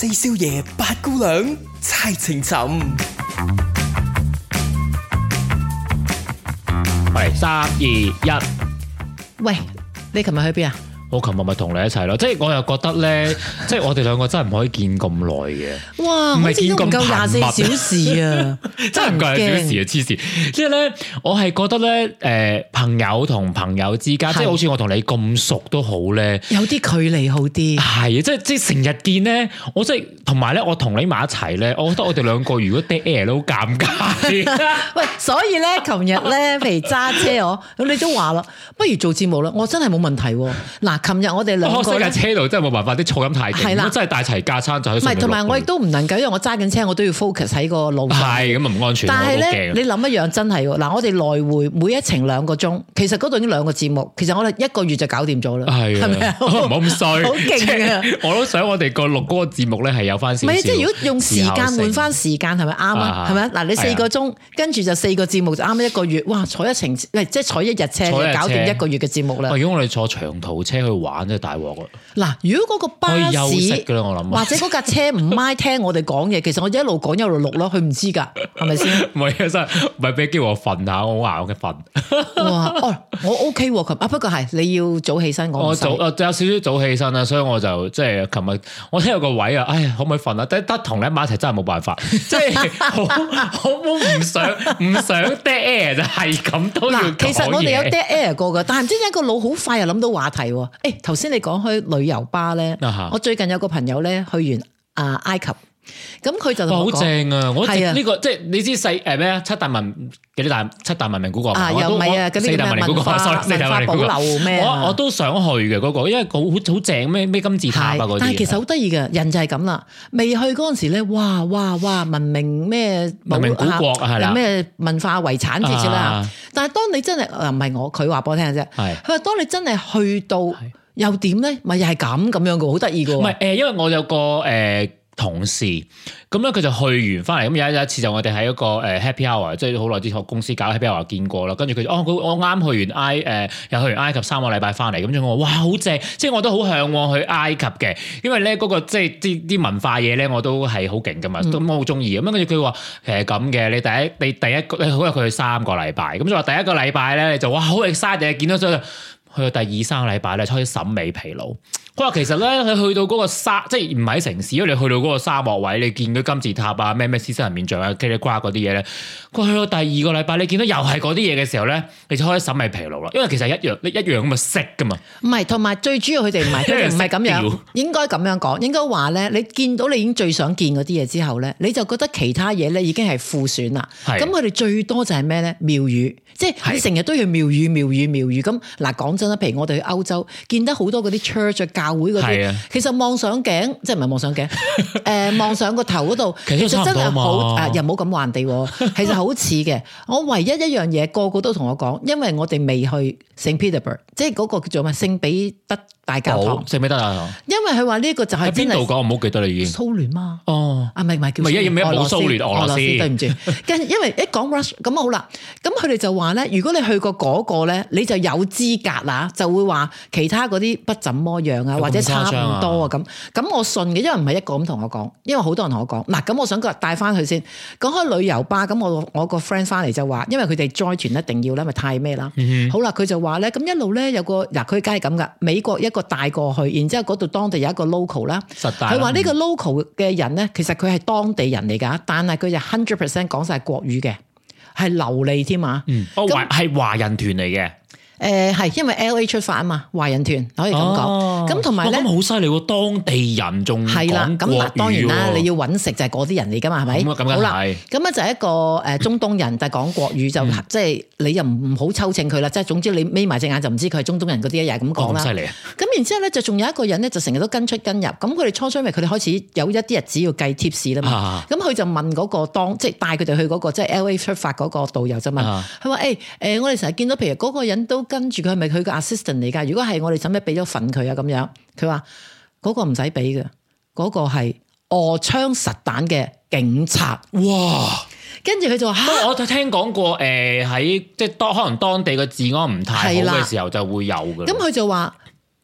四少爺、八姑娘、猜情尋，嚟三二一。喂，你琴日去邊啊？我琴日咪同你一齊咯，即係我又覺得咧， 即係我哋兩個真係唔可以見咁耐嘅。哇，唔係見咁唔夠廿四小時啊， 真係唔夠幾小時啊！黐線，呢即係咧，我係覺得咧，誒，朋友同朋友之間，嗎即係好似我同你咁熟都好咧，有啲距離好啲。係啊，即係即係成日見咧，我即係同埋咧，我同你埋一齊咧，我覺得我哋兩個如果 dead air 都好尷尬。 喂，所以咧，琴日咧，譬如揸車哦，咁你都話啦，不如做節目啦，我真係冇問題。嗱。琴日我哋兩個喺車度真係冇辦法，啲噪音太重，真係帶齊架餐就唔係同埋我亦都唔能夠，因為我揸緊車，我都要 focus 喺個路。係咁啊，唔安全，但係呢，你諗一樣真係喎，嗱，我哋來回每一程兩個鐘，其實嗰度已經兩個節目，其實我哋一個月就搞掂咗啦，係咪啊？唔好咁衰，好勁啊！我都想我哋個六嗰個節目咧係有翻。唔係，即係如果用時間換翻時間係咪啱啊？係咪嗱，你四個鐘跟住就四個節目就啱一個月哇，坐一程，即係坐一日車，就搞掂一個月嘅節目啦。如果我哋坐長途車去玩啫，大鑊啊！嗱，如果嗰個巴士休息我諗或者嗰架車唔咪聽我哋講嘢， 其實我一路講一路錄咯，佢唔知㗎，係咪先？唔係真係唔係俾機會我瞓下，我話我嘅瞓。哇哦，我 OK 喎，啊不過係你要早起身講。我，我早啊，有少少早起身啦，所以我就即係琴日我聽有個位、哎、可可啊，唉，可唔可以瞓啊？得得同你阿媽一齊真係冇辦法，即係 我好唔想唔想 dead air 就係咁都要講嘢。其實我哋有 dead air 過㗎，但係唔知點解個腦好快又諗到話題喎。誒，頭先你講開旅遊巴咧，uh huh。我最近有個朋友咧，去完啊埃及。咁佢就好正啊！我呢個即係你知細誒咩啊？七大文幾啲大七大文明古國啊！又唔係啊？嗰啲四大文明古國，四大文明古國，四大文明古國。我我都想去嘅嗰個，因為好好好正咩咩金字塔啊！嗰啲。但係其實好得意嘅人就係咁啦。未去嗰陣時咧，哇哇哇文明咩文明古國啊係啦，咩文化遺產嚟噶啦。但係當你真係誒唔係我佢話俾我聽嘅啫。係佢話當你真係去到又點咧？咪又係咁咁樣噶，好得意噶。唔係誒，因為我有個誒。同事咁咧，佢就去完翻嚟咁。有有一次就我哋喺一個誒 Happy Hour，即係好耐之前公司搞 Happy Hour 見過啦。跟住佢哦，佢我啱去完埃誒、呃，又去完埃及三個禮拜翻嚟咁，就我話哇，好正！即係我都好向往去埃及嘅，因為咧、那、嗰個即係啲啲文化嘢咧，我都係好勁㗎嘛，咁我好中意。咁、嗯、跟住佢話誒咁嘅，你第一你第一你好似去三個禮拜，咁就話第一個禮拜咧你就哇好 excited，見到咗去到第二三個禮拜咧開始審美疲勞，不過其實咧，你去到嗰個沙，即係唔係喺城市？如果你去到嗰個沙漠位，你見到金字塔啊、咩咩獅身人面像啊、k i l 嗰啲嘢咧，佢去到第二個禮拜，你見到又係嗰啲嘢嘅時候咧，你就開始審美疲勞啦。因為其實一樣你一樣咁啊識噶嘛。唔係，同埋最主要佢哋唔係，佢哋唔係咁樣， 應樣。應該咁樣講，應該話咧，你見到你已經最想見嗰啲嘢之後咧，你就覺得其他嘢咧已經係副選啦。咁佢哋最多就係咩咧？廟宇，即係你成日都要廟宇、廟宇、廟宇咁。嗱，講真啦，譬如我哋去歐洲，見得好多嗰啲會嗰啲，其實望上鏡，即係唔係望上鏡，誒、 呃，望上個頭嗰度， 其，其實真係好， 啊、又冇咁還地， 其實好似嘅。我唯一一樣嘢，個個都同我講，因為我哋未去聖彼得堡，burg, 即係嗰個叫做乜聖彼得。大教堂食得啊？因為佢話呢個就係邊度講，我唔好記得你已經。蘇聯嘛？哦，啊唔係唔係叫唔係一咩一講蘇聯俄羅，俄羅斯，對唔住。跟 因為一講 rush 咁好啦，咁佢哋就話咧，如果你去過嗰、那個咧，你就有資格啊，就會話其他嗰啲不怎麼樣啊，或者差唔多啊咁。咁我信嘅，因為唔係一個咁同我講，因為好多人同我講嗱，咁我想帶翻去先。講開旅遊巴，咁，我我個 friend 翻嚟就話，因為佢哋載團一定要啦，咪太咩啦。好啦，佢就話咧，咁一路咧有個嗱，佢梗係咁噶，美國一個。帶過去，然之後嗰度當地有一個 local 啦，佢話呢個 local 嘅人咧，其實佢係當地人嚟㗎，但係佢就 hundred percent 講晒國語嘅，係流利添啊，嗯、那哦，係華人團嚟嘅。誒係、嗯，因為 L.A. 出發啊嘛，華人團可以咁講。咁同埋我咁好犀利喎！當地人仲講國語喎。係啦，咁但、嗯、當然啦，你要揾食就係嗰啲人嚟㗎嘛，係咪？嗯就是、好啦，咁啊就一個誒中東人，嗯、但係講國語就即、是、係你又唔好抽秤佢啦，即係總之你眯埋隻眼就唔知佢係中東人嗰啲，又係咁講啦。咁然之後咧，就仲、哦、有一個人咧，就成日都跟出跟入。咁佢哋初初因為咪，佢哋開始有一啲日子要計 tips 啦嘛。咁佢、啊嗯、就問嗰個當即係、就是、帶佢哋去嗰、那個即係、就是、L.A. 出發嗰個導遊啫嘛。佢話誒誒，我哋成日見到譬如個人都……都」跟住佢係咪佢個 assistant 嚟噶？如果係，我哋使咩俾咗份佢啊？咁樣，佢話嗰個唔使俾嘅，嗰、那個係荷槍實彈嘅警察。哇！跟住佢就話，我就聽講過，誒、呃，喺即係當可能當地嘅治安唔太好嘅時候的，就會有嘅。咁佢、嗯、就話。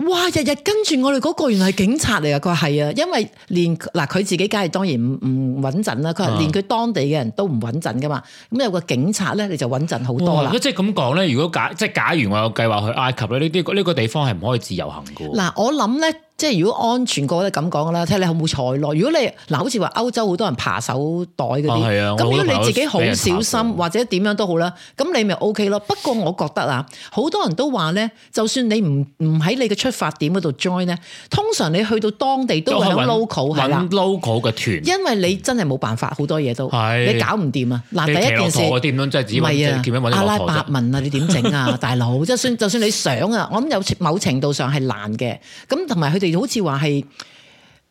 哇！日日跟住我哋嗰個，原來係警察嚟噶。佢話係啊，因為連嗱佢自己梗係當然唔唔穩陣啦。佢話連佢當地嘅人都唔穩陣噶嘛。咁有個警察咧，你就穩陣好多啦。如果即係咁講咧，如果假即係假，假如我有計劃去埃及咧，呢啲呢個地方係唔可以自由行噶。嗱，我諗咧。即係如果安全過都咁講啦，睇下你有冇才落。如果你嗱，好似話歐洲好多人扒手袋嗰啲，咁、啊啊、如果你自己好小心或者點樣都好啦，咁你咪 O K 咯。不過我覺得啊，好多人都話咧，就算你唔唔喺你嘅出發點嗰度 join 咧，通常你去到當地都會 local 揾 local 嘅團，因為你真係冇辦法好多嘢都，啊、你搞唔掂啊！嗱，第一件事、啊、阿拉伯文啊，你點整啊，大佬？就算 就算你想啊，我諗有某程度上係難嘅，咁同埋佢哋。好似話係。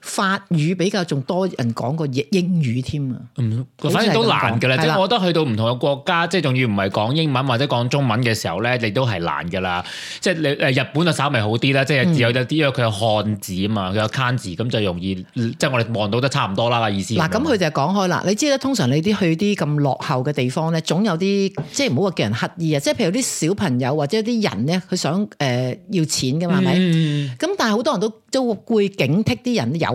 法語比較仲多人講過英英語添啊，嗯、反正都難㗎喇。的我覺得去到唔同嘅國家，的即係仲要唔係講英文或者講中文嘅時候咧，你都係難㗎喇。即係你誒日本啊，稍微好啲啦。即係、嗯、有有啲，佢有漢字啊嘛，佢有 kan 字，咁就容易，即係我哋望到得差唔多啦。意思嗱，咁佢就講開啦。你知啦，通常你啲去啲咁落後嘅地方咧，總有啲即係唔好話叫人刻意啊。即係譬如啲小朋友或者啲人咧，佢想誒、呃、要錢㗎嘛，係咪、嗯？咁、嗯、但係好多人都都會警惕啲人有。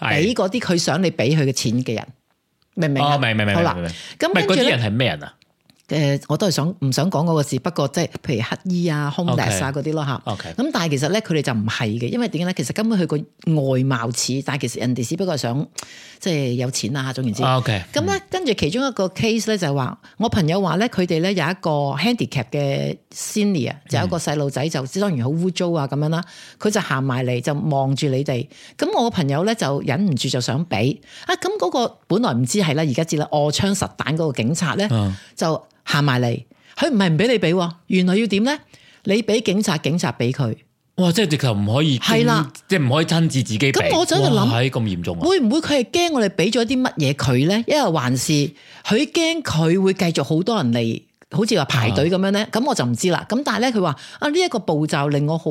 俾嗰啲佢想你俾佢嘅錢嘅人，明唔明？哦，明明明。好啦，咁跟住咧，嗰啲人係咩人啊？誒、呃，我都係想唔想講嗰個事，不過即、就、係、是、譬如乞兒啊、homeless 嗰啲咯嚇。咁但係其實咧，佢哋就唔係嘅，因為點解咧？其實根本佢個外貌似，但係其實人哋只不過想即係、呃、有錢啊。嚇，總言之。咁咧 Okay,、嗯，跟住其中一個 case 咧就係話，我朋友話咧，佢哋咧有一個 handicap 嘅 senior，就有一個細路仔就當然好污糟啊咁樣啦。佢就行埋嚟就望住你哋。咁我個朋友咧就忍唔住就想畀啊。咁嗰個本來唔知係啦，而家知啦，荷槍實彈嗰個警察咧就。嗯行埋嚟，佢唔係唔俾你俾，原來要點咧？你俾警察，警察俾佢。哇！即係直頭唔可以，係啦的，即係唔可以親自自己俾。咁我就喺度諗，咁嚴哇重啊？會唔會佢係驚我哋俾咗啲乜嘢佢咧？因為還是佢驚佢會繼續好多人嚟，好似話排隊咁樣咧。咁、啊、我就唔知啦。咁但係咧，佢話啊呢一、這個步驟令我好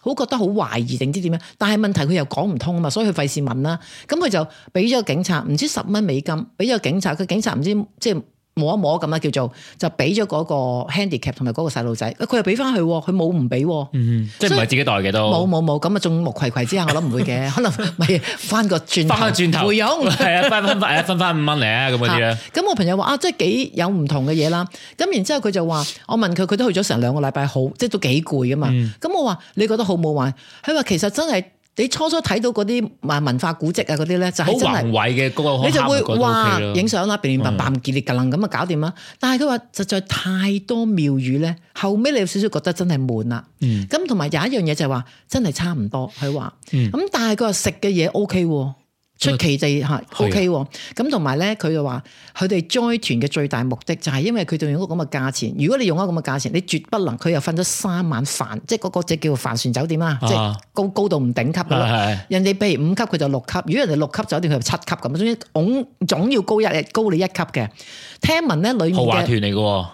好覺得好懷疑定知點樣？但係問題佢又講唔通啊嘛，所以佢費事問啦。咁佢就俾咗警察，唔知十蚊美金，俾咗警察，佢警察唔知即係。即摸一摸咁樣，叫做就俾咗嗰個 handicap 同埋嗰個細路仔，佢又俾翻佢，佢冇唔俾，嗯，即係唔係自己袋嘅都，冇冇冇，咁啊眾目睽睽之下，我諗唔會嘅，可能咪翻個轉翻個轉頭回佣，係啊，翻翻翻誒，翻翻五蚊嚟啊，咁嗰啲咧。咁我朋友話啊，即係幾有唔同嘅嘢啦。咁然之後佢就話，我問佢，佢都去咗成兩個禮拜，好即係都幾攰啊嘛。咁我話你覺得好唔好玩？佢話其實真係。你初初睇到嗰啲文化古蹟啊嗰啲咧，就係、是、真係好華麗嘅，你就會話影相啦，便便白白傑烈格楞咁啊，搞掂啦。但係佢話實在太多廟宇咧，後尾你、really 嗯、有少少覺得真係悶啦。咁同埋有一樣嘢就係話真係差唔多，佢話咁，嗯、但係個食嘅嘢 O K 喎。出奇地嚇，OK 喎，咁同埋咧，佢、啊、的就話佢哋 join 團嘅最大目的就係因為佢哋用咗咁嘅價錢，如果你用咗咁嘅價錢，你絕不能佢又瞓咗三晚帆，即係嗰個即叫做帆船酒店啊，即係、啊、高高到唔頂級啦。啊、人哋譬如五級佢就六級，如果人哋六級酒店佢就七級咁，總之總總要高一高你一級嘅。聽聞咧裏面嘅。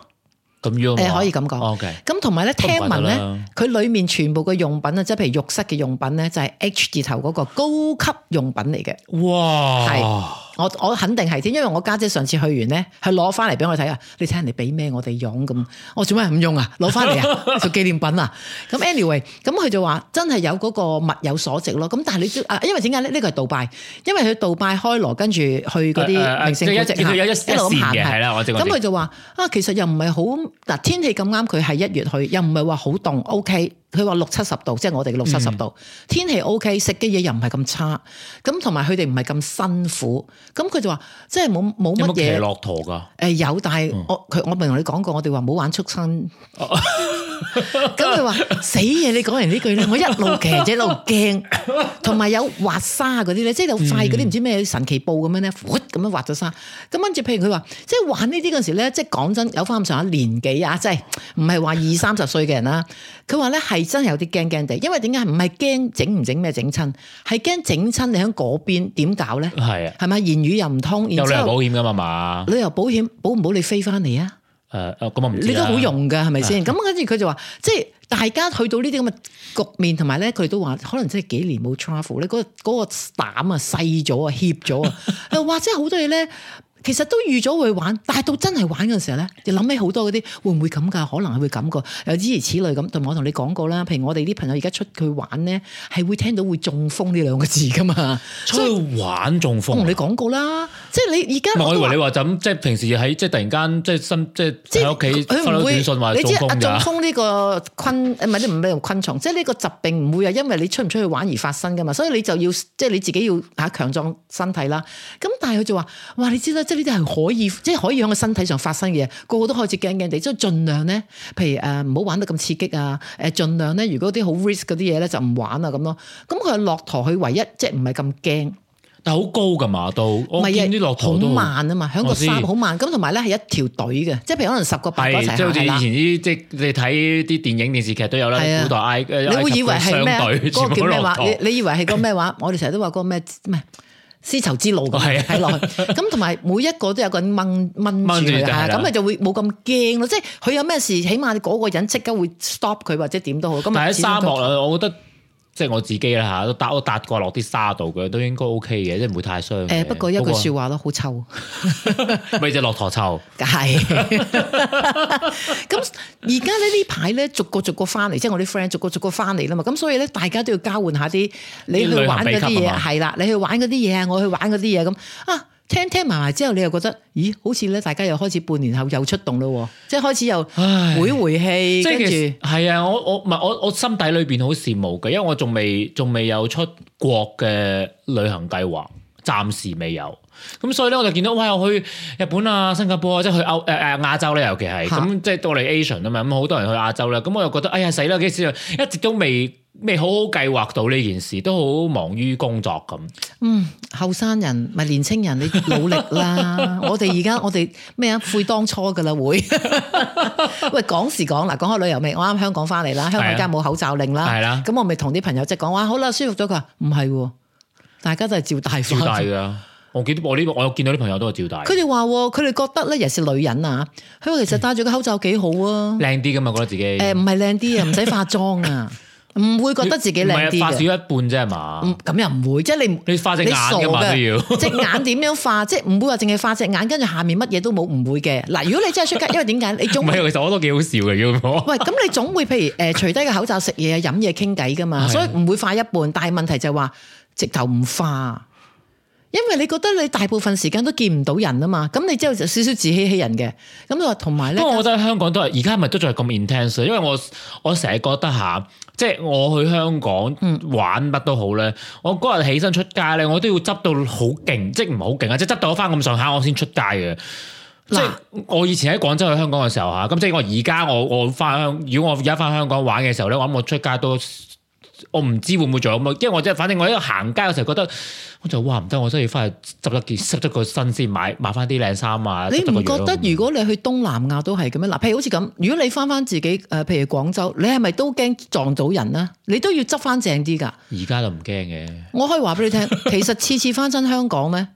誒可以咁講，咁同埋咧聽聞咧，佢裏面全部嘅用品咧，即係譬如浴室嘅用品咧，就係 H 字頭嗰個高級用品嚟嘅。哇！係。我我肯定係先，因為我家姐上次去完咧，佢攞翻嚟俾我睇啊！你睇人哋俾咩我哋用咁？我做咩唔用啊？攞翻嚟啊，做紀念品啊！咁 anyway，咁佢就話真係有嗰個物有所值咯。咁但係你知啊，因為點解咧？呢個係杜拜，因為佢杜拜開羅跟住去嗰啲明星，就、啊啊啊、一直一路行係啦。咁佢就話啊，其實又唔係好嗱，天氣咁啱，佢係一月去，又唔係話好凍，OK。佢話六七十度，即係我哋六七十度、嗯、天氣 OK，食嘅嘢又唔係咁差，咁同埋佢哋唔係咁辛苦。咁佢就話，即係冇冇乜嘢。騎駱駝噶？誒、呃，有，但係我佢、嗯、我咪同你講過，我哋話冇玩畜生。咁佢話死嘢，你講完呢句咧，我一路騎一路驚，同埋有滑沙嗰啲咧，即係好快嗰啲唔知咩神奇步咁樣咧，咁、呃、樣滑咗沙。咁跟住，譬如佢話，即係玩呢啲嗰時咧，即係講真有，有翻咁上下年紀啊，即係唔係話二三十歲嘅人啦。 佢話咧係真係有啲驚驚地，因為點解唔係驚整唔整咩整親，係驚整親你喺嗰邊點搞咧？係啊，係咪言語又唔通？然後有旅遊保險噶嘛？旅遊保險保唔保你飛翻嚟、呃、啊？誒、啊，咁你都好用噶，係咪先？咁跟住佢就話，即係大家去到呢啲咁嘅局面，同埋咧佢哋都話，可能真係幾年冇 travel 咧、嗰個，嗰、嗰、嗰個膽啊細咗啊，怯咗啊，或者好多嘢咧。其實都預咗會玩，但係到真係玩嘅時候咧，就諗起好多嗰啲會唔會咁噶？可能係會咁噶，又諸如此類咁。同埋我同你講過啦，譬如我哋啲朋友而家出去玩咧，係會聽到會中風呢兩個字噶嘛。所以玩中風，我同你講過啦。即係你而家，我以為你話就咁，即係平時喺即係突然間即係身即係喺屋企發咗短信話你知阿中風呢個昆唔係啲唔係用昆蟲，即係呢個疾病唔會係因為你出唔出去玩而發生㗎嘛。所以你就要即係你自己要嚇強壯身體啦。咁但係佢就話，哇！你知啦，即係呢啲係可以，即係可以喺個身體上發生嘅嘢。個個都開始驚驚地，即係儘量咧。譬如誒，唔好玩得咁刺激啊！誒，儘量咧，如果啲好 risk 嗰啲嘢咧，就唔玩啦咁咯。咁佢阿駱駝佢唯一即係唔係咁驚。但係好高㗎嘛，都唔係啊，啲駱駝好慢啊嘛，喺個山好慢。咁同埋咧係一條隊嘅，即係譬如可能十個八個一齊行啦。即係好似以前啲，即係你睇啲電影電視劇都有啦。古代埃埃及商隊，全部都係隊。你會以為係咩？嗰個叫咩話？你你以為係個咩話？我哋成日都話個咩咩絲綢之路咁係落去。咁同埋每一個都有個人掹掹住佢，咁咪就會冇咁驚咯。即係佢有咩事，起碼嗰個人即刻會 stop 佢或者點都好。咁但係喺沙漠啊，我覺得。即係我自己啦吓，都搭都搭過落啲沙度嘅，都應該 OK 嘅，即係唔會太傷。誒、欸，不過一句說話咯，好過 臭，咪隻駱駝臭。係。咁而家咧，呢排咧逐個逐個翻嚟，即係我啲 friend 逐個逐個翻嚟啦嘛。咁所以咧，大家都要交換下啲你去玩嗰啲嘢，係啦，你去玩嗰啲嘢啊，我去玩嗰啲嘢咁啊。聽聽埋埋之後，你又覺得，咦？好似咧，大家又開始半年後又出動咯，即係開始又會回氣。唉跟住著，即係其實係啊，我我唔係我我心底裏邊好羨慕嘅，因為我仲未仲未有出國嘅旅行計劃，暫時未有。咁所以咧，我就見到，哇！我去日本啊、新加坡啊，即係去歐誒誒、呃、亞洲咧、啊，尤其係咁，即係到嚟 Asian 啊嘛，咁好多人去亞洲啦。咁我又覺得，哎呀，死啦！幾時一直都未未好好計劃到呢件事，都好忙於工作咁。嗯，後生人咪年青人，你努力啦！ 我哋而家我哋咩啊？悔當初噶啦，會 喂講時講嗱，講開旅遊未？我啱啱香港翻嚟啦，香港而家冇口罩令啦，係啦、啊。咁我咪同啲朋友即係講話，好啦，舒服咗。佢話唔係，大家都係照戴㗎。我記得我呢，我有見到啲朋友都係照戴。佢哋話：佢哋覺得咧，尤其是女人啊，佢其實戴住個口罩幾好啊，靚啲噶嘛，覺得自己。誒唔係靚啲啊，唔使化妝啊，唔 會覺得自己靚啲。化少一半啫係嘛。咁又唔會，即係你你化隻眼噶嘛，你傻啊，都要。隻眼點樣化？ 即係唔會話淨係化隻眼，跟住下面乜嘢都冇，唔會嘅。嗱，如果你真係出街，因為點解你總 唔係，其實我都幾好笑嘅，如果喂咁你總會譬如誒除低個口罩食嘢啊飲嘢傾偈噶嘛，的所以唔會化一半，但係問題就係話直頭唔化。因為你覺得你大部分時間都見唔到人啊嘛，咁你之後就少少自欺欺人嘅。咁又同埋咧，不過我覺得香港都係，而家咪都仲係咁 intense。因為我我成日覺得吓，即係我去香港玩乜都好咧，嗯、我嗰日起身出街咧，我都要執到好勁，即唔係好勁啊，即係執到咗翻咁上下，我先出街嘅。喏即係我以前喺廣州去香港嘅時候吓，咁即係我而家我我翻香，如果我而家翻香港玩嘅時候咧，我諗我出街都我唔知會唔會做。咁因為我即係反正我喺度行街嘅時候覺得。就哇唔得，我真係要翻去執得件，執咗個身先買買翻啲靚衫啊！你唔覺得如果你去東南亞都係咁樣嗱？譬如好似咁，如果你翻翻自己誒，譬、呃、如廣州，你係咪都驚撞到人咧？你都要執翻正啲㗎。而家就唔驚嘅。我可以話俾你聽，其實次次翻親香港咧。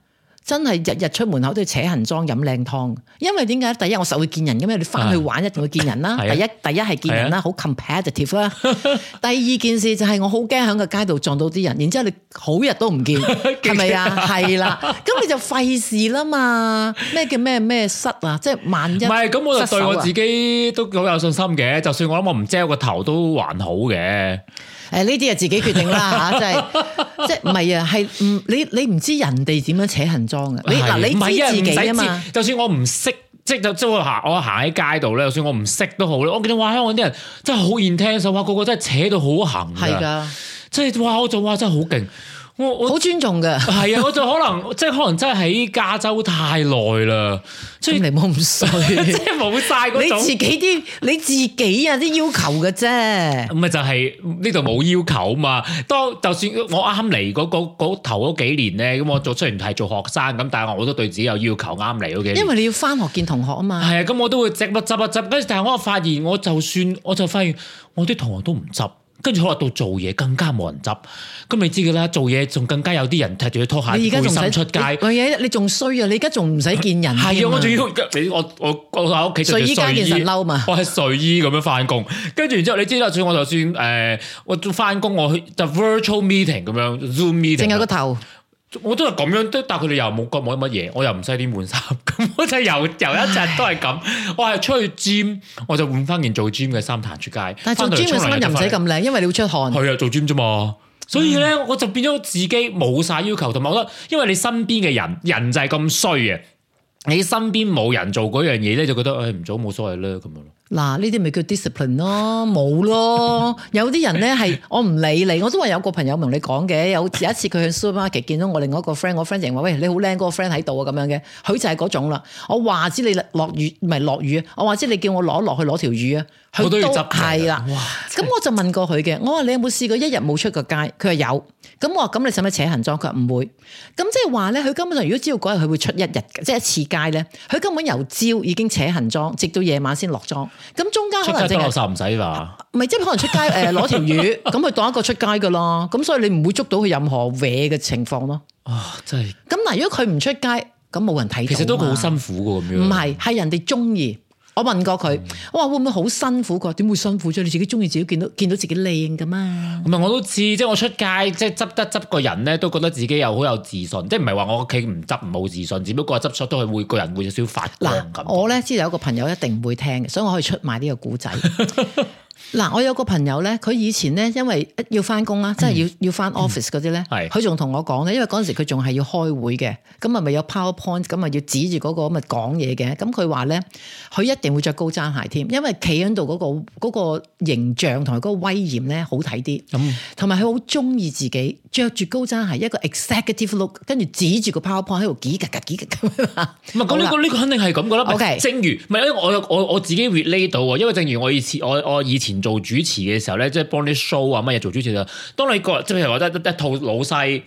真係日日出門口都要扯行裝飲靚湯，因為點解？第一我實會見人嘅咩？你翻去玩一定唉會見人啦、啊。第一第一係見人啦，好 competitive 啦。Com 第二件事就係我好驚喺個街度撞到啲人，然之後你好日都唔見，係咪啊？係吧 啦，咁你就費事啦嘛。咩叫咩咩失啊？即係萬一唔係咁，我就對我自己都好有信心嘅。 就算我諗我唔遮個頭都還好嘅。誒呢啲啊自己決定啦嚇，即係即係唔係啊？係、就、唔、係啊、你你唔知人哋點樣扯行裝嘅？啊、你嗱你知自己啊嘛就就就就就？就算我唔識，即係即係我行我行喺街度咧，就算我唔識都好咧。我見到哇香港啲人真係好易聽手，個個真係扯到好行，係㗎的，即係哇！我做哇真係好勁。 我好尊重嘅，係啊！我就可能 即係可能真係喺加州太耐啦，雖然你冇咁衰，即係冇晒嗰你自己啲你自己啊啲要求嘅啫，就是，唔係就係呢度冇要求嘛。當就算我啱嚟嗰嗰嗰頭幾年咧，咁我做雖然係做學生咁，但係我都對自己有要求。啱嚟嗰，因為你要返學見同學啊嘛。係啊，咁我都會執執執執。跟住但係我發現，我就算我就發現，我啲同學都唔執。跟住可去到做嘢更加冇人執，咁你知噶啦，做嘢仲更加有啲人踢住啲拖鞋你背心出街。我而家你仲衰啊！你而家仲唔使見人。係啊，我仲要你我我我喺屋企著睡衣。我係睡衣咁樣翻工，跟住然之後你知啦，就算我就算誒，我翻工、呃、我去就 virtual meeting 咁樣 zoom meeting。淨係個頭。我都係咁樣，都但係佢哋又冇覺冇乜嘢，我又唔使點換衫，咁我就又又一陣都係咁，唉 我係出去 gym，我就換翻件做 gym 嘅衫彈出街。但係做 gym 嘅衫又唔使咁靚，因為你會出汗。係啊，做 gym 咋嘛？嗯、所以咧，我就變咗自己冇晒要求，同埋我覺得，因為你身邊嘅人人就係咁衰嘅，你身邊冇人做嗰樣嘢咧，就覺得誒哎、唔做冇所謂啦，咁樣咯。嗱，呢啲咪叫 discipline 咯，冇咯。 有啲人咧係，我唔理你，我都話有個朋友同你講嘅，有有一次佢去 supermarket 見到我另外一個 friend，我 friend 就話：喂，你好靚，嗰個 friend 喺度啊咁樣嘅。佢就係嗰種啦。我話知你落雨，唔係落雨，啊。我話知你叫我攞落，落去攞條魚啊。佢都係啦。咁我就問過佢嘅，我話你有冇試過一日冇出過街？佢話有。咁我話：咁你使唔使扯行裝？佢話唔會。咁即係話咧，佢根本上如果知道嗰日佢會出一日，即係一次街咧，佢根本由朝已經扯行裝，直到夜晚先落裝。咁中間可能淨係出街唔使嘛？唔係，即係可能出街誒攞條魚，咁佢 當一個出街噶咯，咁所以你唔會捉到佢任何歪嘅情況咯。啊、哦，真係！咁嗱，如果佢唔出街，咁冇人睇到。其實都好辛苦噶，咁樣。唔係，係人哋中意。我問過佢，嗯、我話會唔會好辛苦㗎？點會辛苦啫？你自己中意自己，見到見到自己靚噶嘛？唔係我都知，即係我出街，即係執得執個人咧，都覺得自己又好有自信。即係唔係話我屋企唔執冇自信，只不過執出都係會個人會有少少發光咁。我咧知有個朋友一定唔會聽，所以我可以出賣呢個古仔。 嗱，我有個朋友咧，佢以前咧， 因為要翻工啦，即係要要翻 office 啲，咧，佢仲同我講咧，因為嗰陣時佢仲係要開會嘅，咁啊咪有 PowerPoint，咁啊要指住嗰個咪講嘢嘅，咁佢話咧，佢一定會着高踭鞋添，因為企喺度嗰個嗰個形象同埋嗰個威嚴咧好睇啲，同埋佢好中意自己着住高踭鞋，一個 executive look，跟住指住個 PowerPoint 喺度幾格格幾格㗎，唔係講呢個呢了個肯定係咁噶啦。OK，正如唔係，我我我自己 relate 到啊，因為正如我以前我我以前。前做主持嘅時候咧，即係幫啲 show 啊乜嘢做主持啦。當你個即係譬如話得一套老細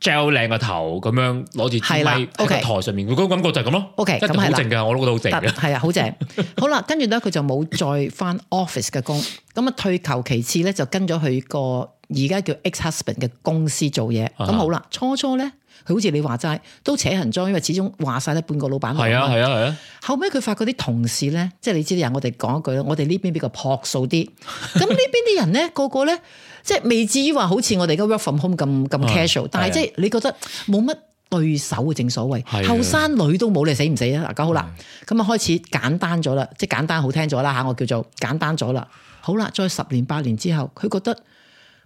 ，gel 靚個頭咁樣，攞住支 mic 台上面，嗰種了感覺就係咁咯。O K，咁好淨嘅，我都覺得靜 好淨嘅。係啊，好正。好啦，跟住咧，佢就冇再返 office 嘅工，咁啊退求其次咧，就跟咗去個而家叫 ex husband 嘅公司做嘢。咁的好啦，初初咧。佢好似你話齋都扯痕裝，因為始終話晒得半個老闆娘娘。係啊係啊係啊！啊啊後尾佢發覺啲同事咧，即係你知啲人，我哋講一句啦，我哋呢邊比較樸素啲。咁呢 邊啲人咧，個個咧，即係未至於話好似我哋而家 work from home 咁咁 casual。啊、但係即係、啊、你覺得冇乜對手嘅正所謂，後生、啊、女都冇你死唔死啊嗱！搞好啦，咁啊、嗯、開始簡單咗啦，即係簡單好聽咗啦吓，我叫做簡單咗啦。好啦，再十年八年之後，佢覺得。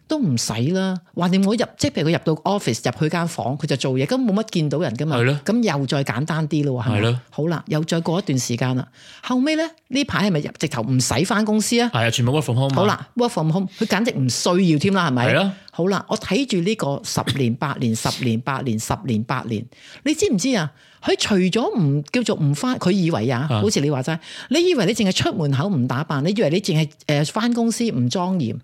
都唔使啦，或者我入，即係譬如佢入到 office 入佢間房，佢就做嘢，咁冇乜見到人噶嘛，咁是的 又再簡單啲咯，係咪？是的 好啦，又再過一段時間啦，後尾咧呢排係咪入直頭唔使翻公司啊？係啊，全部 work from home 嘛。好啦，work from home，佢簡直唔需要添啦，係咪？係啦。好啦，我睇住呢個十年八年十年八年十年八年，你知唔知啊？佢除咗唔叫做唔翻，佢以為啊，是的 好似你話齋，你以為你淨係出門口唔打扮，你以為你淨係誒翻公司唔莊嚴。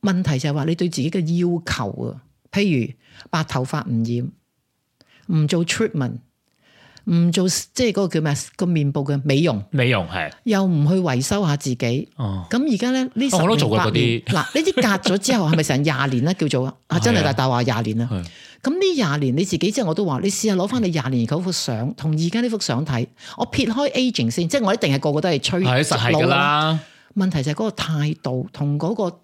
問題就係話你對自己嘅要求啊，譬如白頭髮唔染，唔做 treatment，唔做即係嗰個叫咩個面部嘅美容，美容係，又唔去維修下自己，哦，咁而家咧呢十年，哦，我都做過八年嗱，呢啲隔咗之後係咪成廿年咧叫做 啊，真係大大話廿年啦，咁呢廿年你自己即係我都話你試下攞翻你廿年嗰幅相同而家呢幅相睇，我撇開 aging 先，即係我一定係個個都係催老，實係噶啦。問題就係嗰個態度同嗰，嗰個。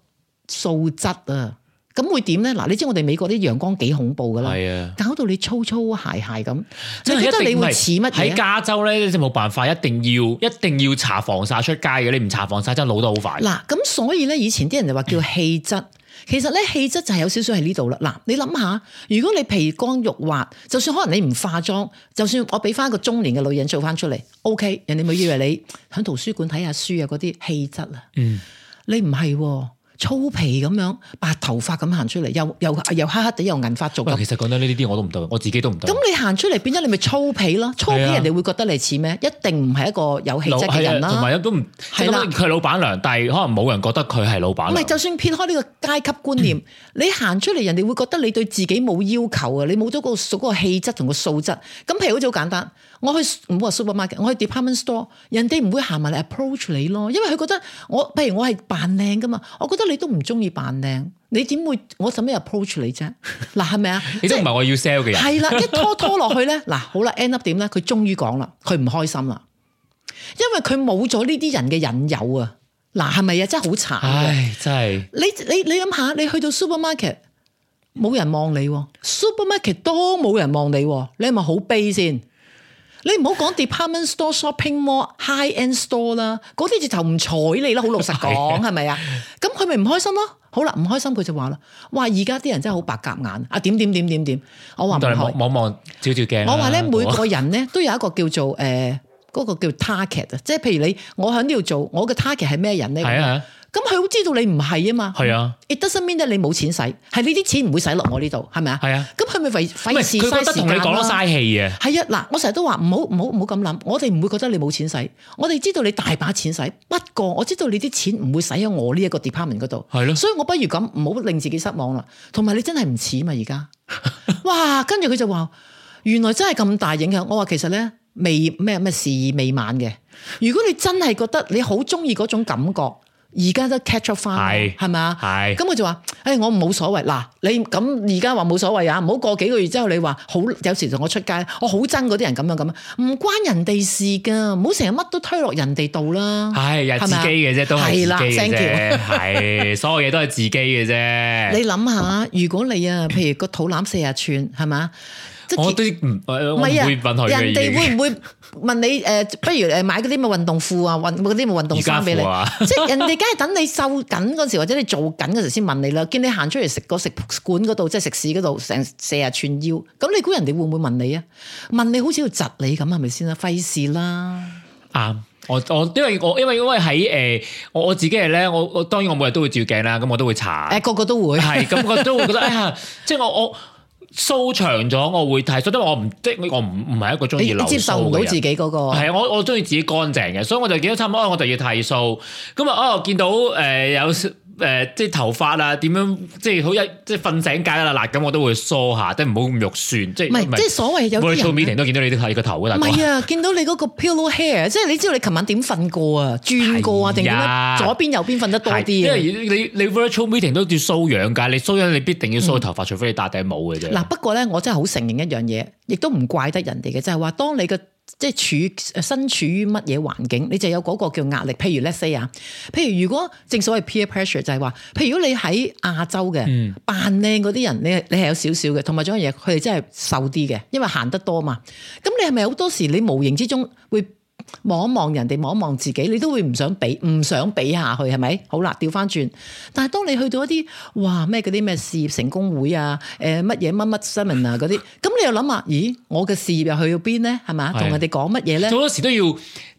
素質啊，咁會點咧？嗱，你知我哋美國啲陽光幾恐怖噶啦，係是啊，搞到你粗粗鞋鞋咁，你覺得你會似乜嘢？喺加州咧，即冇辦法，一定要，一定要搽防晒出街嘅。你唔搽防晒，真係老得好快。嗱，咁所以咧，以前啲人就話叫氣質， 其實咧氣質就係有少少喺呢度啦。嗱，你諗下，如果你皮光肉滑，就算可能你唔化妝，就算我俾翻一個中年嘅女人做翻出嚟，OK，人哋咪以為你喺圖書館睇下書啊嗰啲氣質啊，嗯， 你唔係喎。粗皮咁樣，白頭髮咁行出嚟，又又又黑黑地，又銀髮族。其實講到呢啲我都唔得，我自己都唔得。咁你行出嚟，變咗你咪粗皮咯？啊、粗皮人哋會覺得你似咩？一定唔係一個有氣質嘅人啦。同埋、啊啊、都唔係啦。佢係、啊、老闆娘，但係可能冇人覺得佢係老闆娘。唔係，就算撇開呢個階級觀念，嗯、你行出嚟，人哋會覺得你對自己冇要求啊！你冇咗、個數嗰、個氣質同個素質。咁譬如好似好簡單。我去唔好話 supermarket，我去 department store，人哋唔會行埋嚟 approach 你咯，因為佢覺得我，譬如我係扮靚噶嘛，我覺得你都唔中意扮靚，你點會我使咩 approach 你啫？嗱，係咪啊？你都唔係我要 sell 嘅人。係啦，一拖拖落去咧，嗱，好啦，end up 點咧？佢終於講啦，佢唔開心啦，因為佢冇咗呢啲人嘅引誘啊！嗱，係咪啊？真係好慘啊！真係你你你諗下，你去到 supermarket 冇人望你，supermarket 都冇人望你，你係咪好悲先？你唔好講 department store shopping mall high end store 啦，嗰啲直頭唔睬你啦，好老實講係咪啊？咁佢咪唔開心咯。好啦，唔開心佢就話啦：哇！而家啲人真係好白鴿眼啊！點點點點點，我話唔好望望照照鏡啊。我話咧，我每個人咧都有一個叫做誒嗰、呃那個叫 target 啊，即係譬如你我喺呢度做，我嘅 target 係咩人咧？係啊。咁佢好知道你唔係啊嘛，係啊，it doesn't mean 得你冇錢使，係你啲錢唔會使落我呢度，係咪啊？係啊，咁佢咪廢費事同你講嘥氣啊！係啊，嗱，我成日都話唔好唔好唔好咁諗，我哋唔會覺得你冇錢使，我哋知道你大把錢使，不過我知道你啲錢唔會使喺我呢一個 department 度，係咯，所以我不如咁，唔好令自己失望啦。同埋你真係唔似嘛而家，哇！跟住佢就話，原來真係咁大影響。我話其實咧未咩咩事意未晚嘅。如果你真係覺得你好中意嗰種感覺。而家都 catch up 翻我，係咪？咁佢就話，誒、欸，我冇所謂。嗱，你咁而家話冇所謂啊，唔好過幾個月之後你話好，有時同我出街，我好憎嗰啲人咁樣咁樣，唔關人哋事㗎，唔好成日乜都推落人哋度啦。係調，係自己嘅啫，都係自己嘅啫，係，所有嘢都係自己嘅啫。 你諗下，如果你啊，譬如個肚腩四十寸，係咪？我都唔唔會問佢。人哋會唔會問你？誒，不如誒買嗰啲乜運動褲啊，運嗰啲乜運動衫俾你。即係人哋梗係等你瘦緊嗰時，或者你做緊嗰時先問你啦。見你行出嚟食個食館嗰度，即係食市嗰度，成四十寸腰，咁你估人哋會唔會問你啊？問你好似要窒你咁，係咪先啦？費事啦。啱、啊，我我因為我因為因為喺誒我我自己係咧，我我當然我每日都會照鏡啦，咁我都會查。誒、呃、個個都會係咁，我都會覺得 哎呀，即係我我。我我鬚長咗，我會剃鬚，所因為我唔即我唔唔係一個中意留鬚嘅人，接受唔到自己嗰、那個。係啊，我我中意自己乾淨嘅，所以我就見到差唔多，我就要剃鬚。咁、嗯、啊，哦，見到誒、呃、有。誒、呃，即係頭髮啦、啊，點樣即係好一即係瞓醒覺啦，嗱咁我都會梳下，即係唔好咁肉酸。即係唔係即係所謂有人、啊、個人，我哋做 meeting 都見到你都睇個頭嘅啦。唔係啊，見到你嗰個 pillow hair，即係你知道你琴晚點瞓過啊，轉過啊定咁、啊、樣，左邊右邊瞓得多啲、啊。因為你你，你，你 virtual meeting 都叫梳樣噶，你梳樣你必定要梳頭髮，嗯、除非你打頂帽嘅啫。嗱，不過咧我真係好承認一樣嘢，亦都唔怪得人哋嘅，就係、是、話當你嘅。即係處身處於乜嘢環境，你就有嗰個叫壓力。譬如 let's say 啊，譬如如果正所謂 peer pressure 就係話，譬如如果你喺亞洲嘅扮靚嗰啲人，你你係有少少嘅，同埋仲有嘢，佢哋真係瘦啲嘅，因為行得多嘛。咁你係咪好多時你無形之中會，望一望人哋，望一望自己，你都會唔想比，唔想比下去，係咪？好啦，調翻轉。但係當你去到一啲哇咩嗰啲咩事業成功會啊，誒乜嘢乜乜新 e r 啊嗰啲，咁你又諗下：咦，我嘅事業又去到邊咧？係咪？同的人哋講乜嘢咧？好多時都要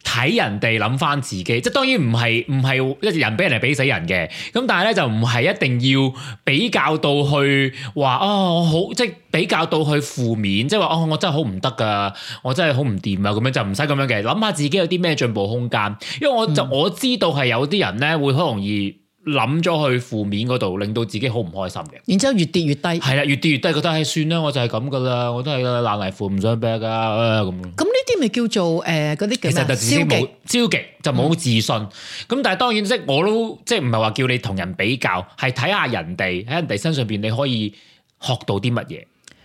睇人哋諗翻自己，即係當然唔係唔係一啲人俾人哋比死人嘅。咁但係咧就唔係一定要比較到去話哦，好即比較到去負面，即係話、哦、啊，我真係好唔得噶，我真係好唔掂啊，咁樣就唔使咁樣嘅。諗下自己有啲咩進步空間，因為我就、嗯、我知道係有啲人咧會好容易諗咗去負面嗰度，令到自己好唔開心嘅。然之後越跌越低，係啦，越跌越低，覺得唉、哎、算啦，我就係咁噶啦，我都係啦，爛泥扶，唔想俾啊咁。咁呢啲咪叫做誒嗰啲叫咩？消極，消極就冇自信。咁但係當然即係我都即係唔係話叫你同人比較，係睇下人哋喺人哋身上邊你可以學到啲乜嘢。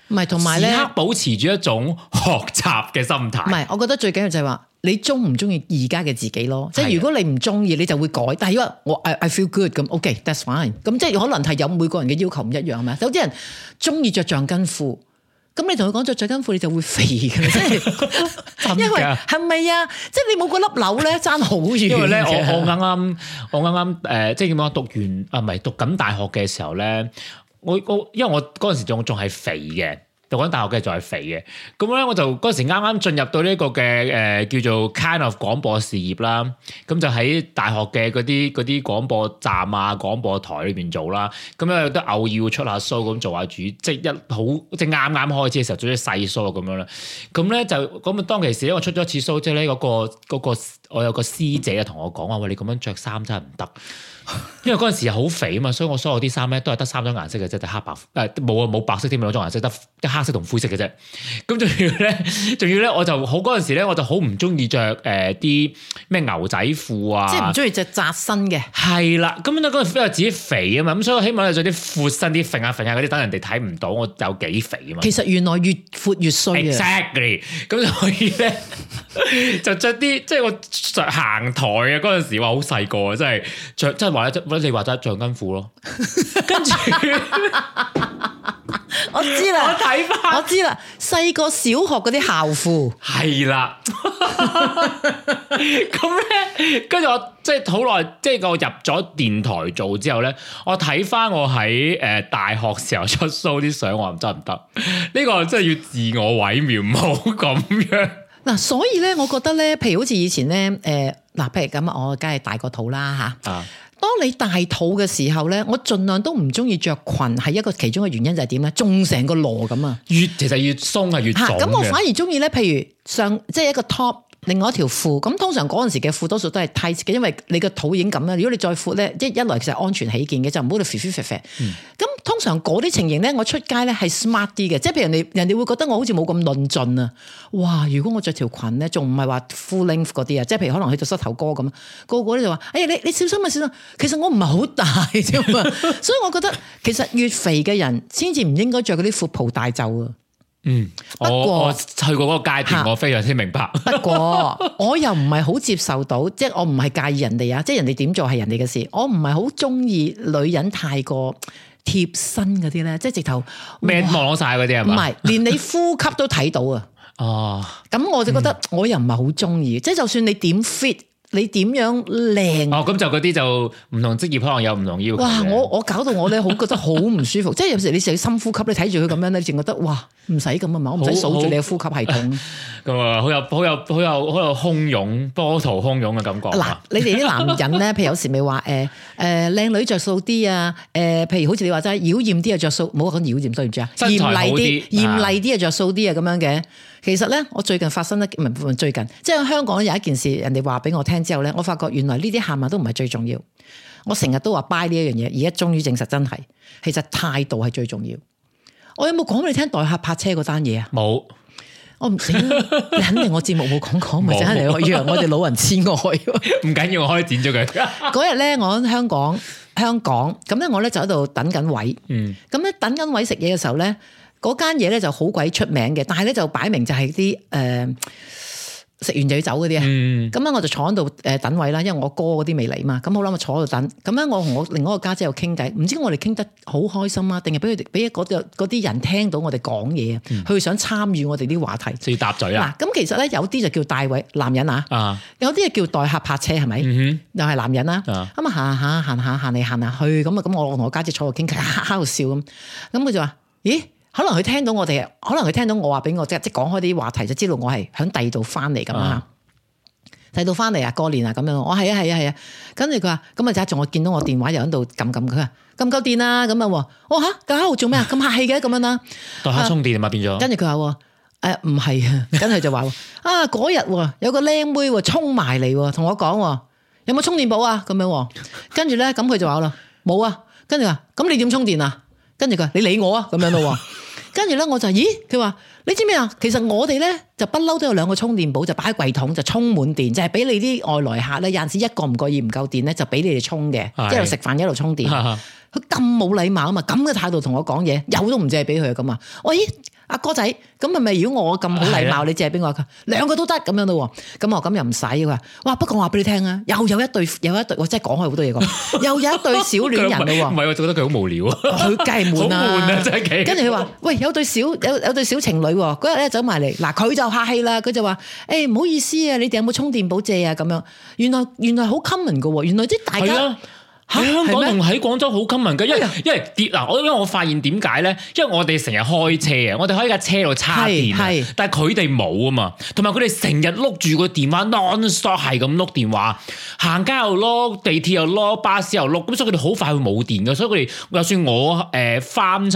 唔係，同埋咧，時刻保持住一種學習嘅心態。唔係，我覺得最緊要就係話你中唔中意而家嘅自己咯。是的 即係如果你唔中意，你就會改。但係如果我 I feel good 咁，OK，that's fine。咁即係可能係有每個人嘅要求唔一樣，係咪？有啲人中意着橡筋褲，咁你同佢講着橡筋褲，你就會肥嘅， 的 因為係咪啊？即係你冇嗰粒紐咧，爭好遠。 因為咧，我我啱啱我啱啱誒，即係點講？讀完啊，唔係讀緊大學嘅時候咧。我我因為我嗰陣時仲仲係肥嘅，讀緊大學嘅仲係肥嘅。咁咧我就嗰陣時啱啱進入到呢一個嘅誒、呃、叫做 kind of 廣播事業啦。咁就喺大學嘅嗰啲啲廣播站啊、廣播台裏邊做啦。咁又有得偶爾會出下 show 咁做下主持，即係一好即係啱啱開始嘅時候做，做啲細 show 咁樣啦。咁咧就咁啊，當其時咧我出咗一次 show 之後咧，嗰、那個、那個、我有個師姐啊同我講話：喂，你咁樣着衫真係唔得。因為嗰陣時好肥啊嘛，所以我所有啲衫咧都係得三種顏色嘅啫，就黑白誒冇啊冇白色添，嗰種顏色得黑色同灰色嘅啫。咁仲要咧，仲要咧，我就好嗰陣時咧，我就好唔中意着誒啲咩牛仔褲啊，即係唔中意着窄身嘅。係啦，咁咧嗰陣時又自己肥啊嘛，咁所以我希望咧着啲闊身啲，揈下揈下嗰啲，等人哋睇唔到我有幾肥啊嘛。其實原來越闊越衰啊。Exactly，咁就可以咧，就着啲即係我着行台啊。嗰陣時話好細個啊，真係着真係。真我咧，我你話齋橡筋褲咯，跟住我知啦，我睇看翻我知啦，細個小學嗰啲校褲，係啦是了。咁 咧，跟住我即係好耐，即、就、係、是就是、我入咗電台做之後咧，我睇翻我喺誒大學時候出 show 啲相，我唔得唔得。呢、這個真係要自我毀滅，唔好咁樣。嗱、啊，所以咧，我覺得咧，譬如好似以前咧，誒、呃、嗱，譬如咁，我梗係大個肚啦嚇。啊當你大肚嘅時候呢，我盡量都唔中意着裙，係一個其中嘅原因就係點咧，腫成個羅咁啊！越其實越鬆係越腫嘅，咁我反而中意咧，譬如上即係一個 top。另外一條褲，咁通常嗰陣時嘅褲多數都係 tight 嘅，因為你個肚已經咁啦。如果你再闊咧，一一來其實安全起見嘅，就唔好你肥肥肥肥。咁、嗯、通常嗰啲情形咧，我出街咧係 smart 啲嘅，即係譬如人哋人哋會覺得我好似冇咁論盡啊。哇！如果我着條裙咧，仲唔係話 full length 嗰啲啊？即係譬如可能去到膝頭哥咁啊，個個咧就話：哎呀，你你小心啊小心！其實我唔係好大啫嘛。 所以我覺得其實越肥嘅人先至唔應該着嗰啲闊袍大袖啊。嗯，不過我我去過嗰個階段，我非常之明白。哈 不過我又唔係好接受到，即係我唔係介意人哋啊，即係人哋點做係人哋嘅事，我唔係好中意女人太過貼身嗰啲咧，即係直頭面望晒嗰啲係嘛？唔係 Man 哇，連你呼吸都睇到啊！ 哦，咁我就覺得我又唔係好中意，即係、嗯、就算你點 fit。你點樣靚？哦，咁就嗰啲就唔同職業可能有唔同要求。哇！我我搞到我咧，好覺得好唔舒服。 即係有時你成日深呼吸你睇住佢咁樣咧，淨覺得哇，唔使咁啊嘛，我唔使數住你嘅呼吸系統。咁啊， 好有好有好有好有洶湧波濤洶湧嘅感覺。嗱，你哋啲男人咧，譬如有時咪話誒誒靚女着數啲啊，誒、呃、譬如好似你話齋妖豔啲又着數，唔好講妖豔對唔住啊？豔麗啲，豔麗啲又着數啲啊咁樣嘅。其實咧，我最近發生咧唔，唔最近，即係香港有一件事，人哋話俾我聽之後咧，我發覺原來呢啲喊話都唔係最重要。我成日都話 buy 呢一樣嘢，而家終於證實真係，其實態度係最重要。我有冇講俾你聽代客泊車嗰單嘢啊？冇，我唔肯定， 我節目冇講過，咪係真係嚟，我以為我哋老人痴呆。唔緊要，我可以剪咗佢。嗰日咧，我喺香港，香港咁咧，我咧就喺度等緊位。嗯，咁咧等緊位食嘢嘅時候咧。嗰間嘢咧就好鬼出名嘅，但係咧就擺明就係啲誒食完就要走嗰啲啊。咁樣、嗯、我就坐喺度誒等位啦，因為我哥嗰啲未嚟嘛。咁好啦，我坐喺度等。咁樣我同我另外一個家姐，姐又傾偈，唔知我哋傾得好開心啊，定係俾佢俾嗰啲人聽到我哋講嘢，佢、嗯、想參與我哋啲話題。要搭嘴啊？嗱，咁其實咧有啲就叫帶位男人啊，啊有啲就叫代客泊車係咪？又係、嗯、哼男人啦、啊。咁啊行下行下行嚟行下去咁啊咁，我同我家姐，姐坐喺度傾偈，喺度笑咁。咁佢就話：咦？可能佢聽到我哋，可能佢聽到我話俾我即係即係講開啲話題，就知道我係響第二度翻嚟咁啊！第二度翻嚟啊，過年啊咁樣，我係啊係啊係啊，跟住佢話咁啊，即刻做！我見到我電話又喺度撳撳佢啊，撳唔夠電啊咁樣，我吓搞做咩啊？咁客氣嘅咁樣啦，待下充電啊嘛變咗。跟住佢話誒唔係啊，跟住就話啊嗰日有個靚妹衝埋嚟，同我講有冇充電寶啊咁樣。跟住咧咁佢就話啦冇啊，跟住話咁你點充電啊？跟住佢你理我啊咁樣咯。跟住咧，我就咦，佢話你知咩啊？其實我哋咧就不嬲都有兩個充電寶，就擺喺櫃桶，就充滿電，就係、是、俾你啲外來客咧，有陣時一個唔覺意唔夠電咧，就俾你哋充嘅，一路食飯一路充電。佢咁冇禮貌啊嘛，咁嘅態度同我講嘢，有都唔借俾佢咁啊，我咦？阿哥仔，咁係咪如果我咁好禮貌，你借俾我？佢是的 兩個都得咁樣咯。咁我咁又唔使嘅。哇！不過我話俾你聽啊，又有一對，有一對，我真係講開好多嘢講，又有一對小戀人咯。唔係， 我覺得佢好無聊啊。佢計悶啊，跟住佢話：啊、 喂，有對小有有對小情侶。嗰日咧走埋嚟，嗱佢就客氣啦。佢就話：誒、欸、唔好意思啊，你哋有冇充電寶借啊？咁樣原來原來好 common 嘅喎，原來即係大家。喺香港同喺廣州好襟民嘅，因為因為跌嗱，我因為我發現點解咧？因為我哋成日開車啊，我哋可以架車度叉電啊，但係佢哋冇啊嘛，同埋佢哋成日碌住個電話，non-stop 係咁碌電話，行街又碌，地鐵又碌，巴士又碌，咁所以佢哋好快會冇電嘅。所以佢哋，就算我誒、欸、翻親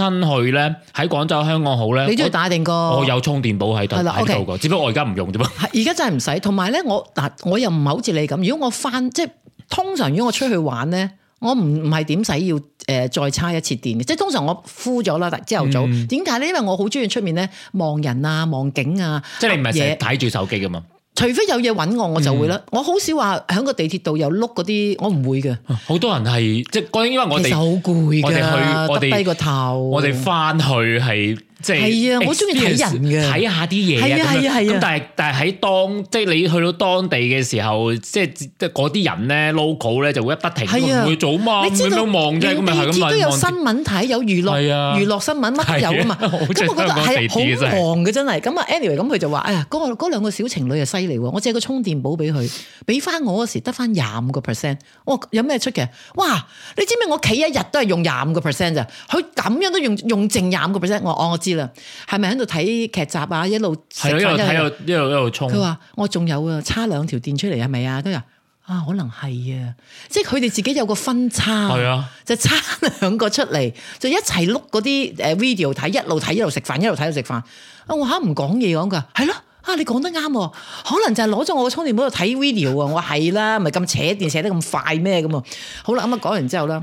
去咧，喺廣州香港好咧，你都要打定個，我有充電寶喺度，係做過，okay, 只不過我而家唔用啫嘛。而家真係唔使，同埋咧，我嗱，我又唔係好似你咁，如果我翻即係通常，如果我出去玩咧。我唔唔係點使要誒、呃、再差一次電嘅，即係通常我敷咗啦，大朝頭早點解咧？因為我好中意出面咧望人啊、望景啊，啊即係你唔係成日睇住手機㗎嘛？除非有嘢搵我，我就會啦、嗯。我好少話喺個地鐵度又碌嗰啲，我唔會嘅。好多人係即係，因為我哋，好攰㗎，我哋我哋低個頭，我哋返去係。係啊，我中意睇人嘅，睇下啲嘢啊。係啊係啊。但係但係喺當即係你去到當地嘅時候，即係嗰啲人咧，local 咧就會一不停咁會做乜咁樣望啫嘛。係咁問。點解都有新聞睇，有娛樂娛樂新聞乜都有啊嘛。咁我覺得係好忙嘅真係。咁啊，anyway 咁佢就話，哎呀，嗰個嗰兩個小情侶啊犀利喎！我借個充電寶俾佢，俾翻我嗰時得翻廿五個 percent。哇，有咩出奇？哇！你知唔知我企一日都係用廿五個 percent 咋？佢咁樣都用用剩廿五個 percent。我我我知。啦，係咪喺度睇劇集啊？一路一路睇，一路一路邊充。佢話我仲有啊，差兩條電出嚟係咪啊？都話啊，可能係啊，即係佢哋自己有個分叉，係啊的，就差兩個出嚟，就一齊碌嗰啲誒 video 睇，一路睇一路食飯，一路睇一路食飯。啊，我吓唔講嘢咁噶，係咯，啊你講得啱，可能就係攞咗我個充電寶度睇 video 啊。我係啦，咪咁扯電扯得咁快咩咁啊？好啦，咁、嗯、啊，講完之後咧。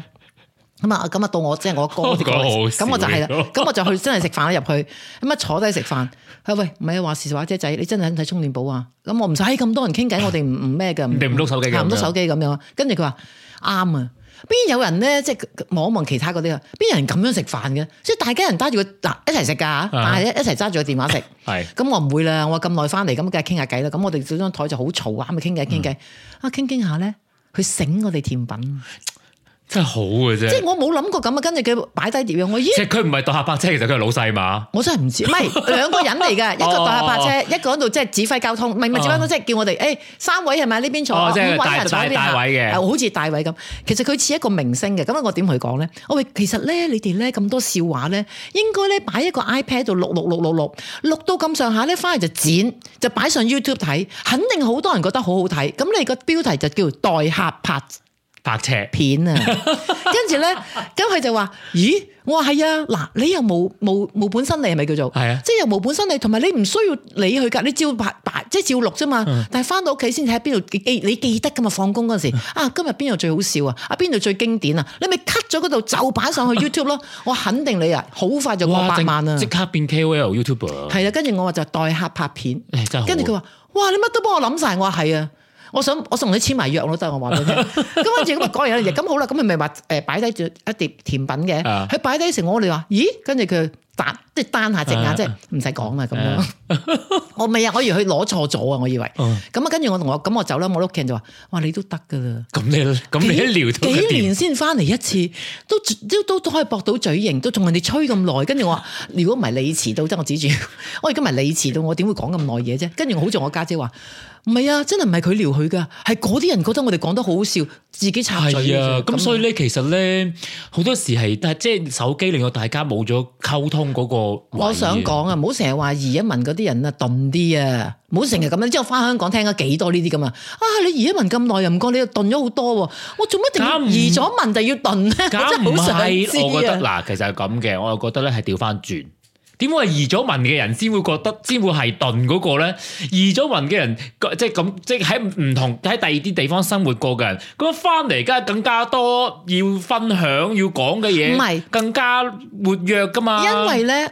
咁啊，咁啊，到我即係我阿哥啲咁，我就係啦，咁我就去真係食飯啦入去，咁啊，坐低食飯。喂，唔係話事實話，姐仔，你真係睇睇充電寶啊？咁我唔使，咁多人傾偈，我哋唔唔咩嘅，唔碌手機，差唔多手機咁樣。跟住佢話啱啊，邊有人咧即係望望其他嗰啲啊？邊人咁樣食飯嘅？即係大家人揸住個嗱一齊食噶，一齊揸住個電話食。係咁我唔會啦，我咁耐翻嚟，咁梗係傾下偈啦。咁我哋張台就好嘈啊，咪啊傾偈傾偈啊，傾傾下咧，佢醒我哋甜品。真係好嘅啫！即係我冇諗過咁啊，我跟住佢擺低碟，我咦？即係佢唔係代客泊車，其實佢係老細嘛？我真係唔知，唔係兩個人嚟嘅， 一個代客泊車，哦、一個喺度即係指揮交通，唔係唔係指揮交通，即係叫我哋誒、哦哎，三位係咪呢邊坐？即係大，大位嘅、呃，好似大位咁。其實佢似一個明星嘅，咁我點去講咧？我其實咧你哋咧咁多笑話咧，應該咧擺一個 iPad 度，錄錄錄錄錄錄到咁上下咧，翻嚟就剪就擺上 YouTube 睇，肯定好多人覺得好好睇。咁你個標題就叫做代客拍。.白尺拍片啊，跟住咧，咁佢 就話：咦？我話係啊，嗱，你又冇冇冇本身你，係咪叫做？係是啊，即係又冇本身你，同埋你唔需要你去噶，你照拍白，即係照要錄啫嘛。但係翻到屋企先睇邊度記，你記得噶嘛？放工嗰陣時，啊，今日邊度最好笑啊？啊，邊度最經典啊？你咪 cut 咗嗰度就擺上去 YouTube 咯。 我肯定你啊，好快就過百萬 OL，啊，即刻變 KOL YouTuber。係啊，跟住我話就代客拍片，跟住佢話：哇，你乜都幫我諗晒。我話係啊。 我想我同佢簽埋約，囉得我話咗先。咁 跟住咁講完嘢，咁好啦，咁咪咪話誒擺低住一碟甜品嘅。佢擺低成我哋話咦，跟住佢彈即係單下隻眼，即係唔使講啦咁樣。啊、我未啊，我以為佢攞錯咗啊，我以為。咁啊、嗯，跟住我同我咁我走啦，我屋企人就話：哇，你都得噶啦。咁你咁你一聊都幾年先翻嚟一次，都都都，都可以駁到嘴型，都仲人哋吹咁耐。跟住我話：如果唔係你遲到，真我指住。我而家咪你遲到，我點會講咁耐嘢啫？跟住我好似我家姐話。唔係啊，真係唔係佢撩佢噶，係嗰啲人覺得我哋講得好好笑，自己插嘴。啊，咁所以咧，其實咧，好多時係，但即係手機令到大家冇咗溝通嗰個。我想講啊，唔好成日話移一民嗰啲人啊，鈍啲啊，唔好成日咁樣。之後翻香港聽咗幾多呢啲咁啊，啊，你移一民咁耐又唔過，你又鈍咗好多喎、啊。我做乜一定移咗民，就要鈍咧？假唔係、啊？我覺得嗱，其實係咁嘅，我又覺得咧係調翻轉。點會移咗民嘅人先會覺得，先會係頓嗰個咧？移咗民嘅人，即係咁，即係喺唔同喺第二啲地方生活過嘅人，咁翻嚟，而家更加多要分享、要講嘅嘢，更加活躍噶嘛！因為咧。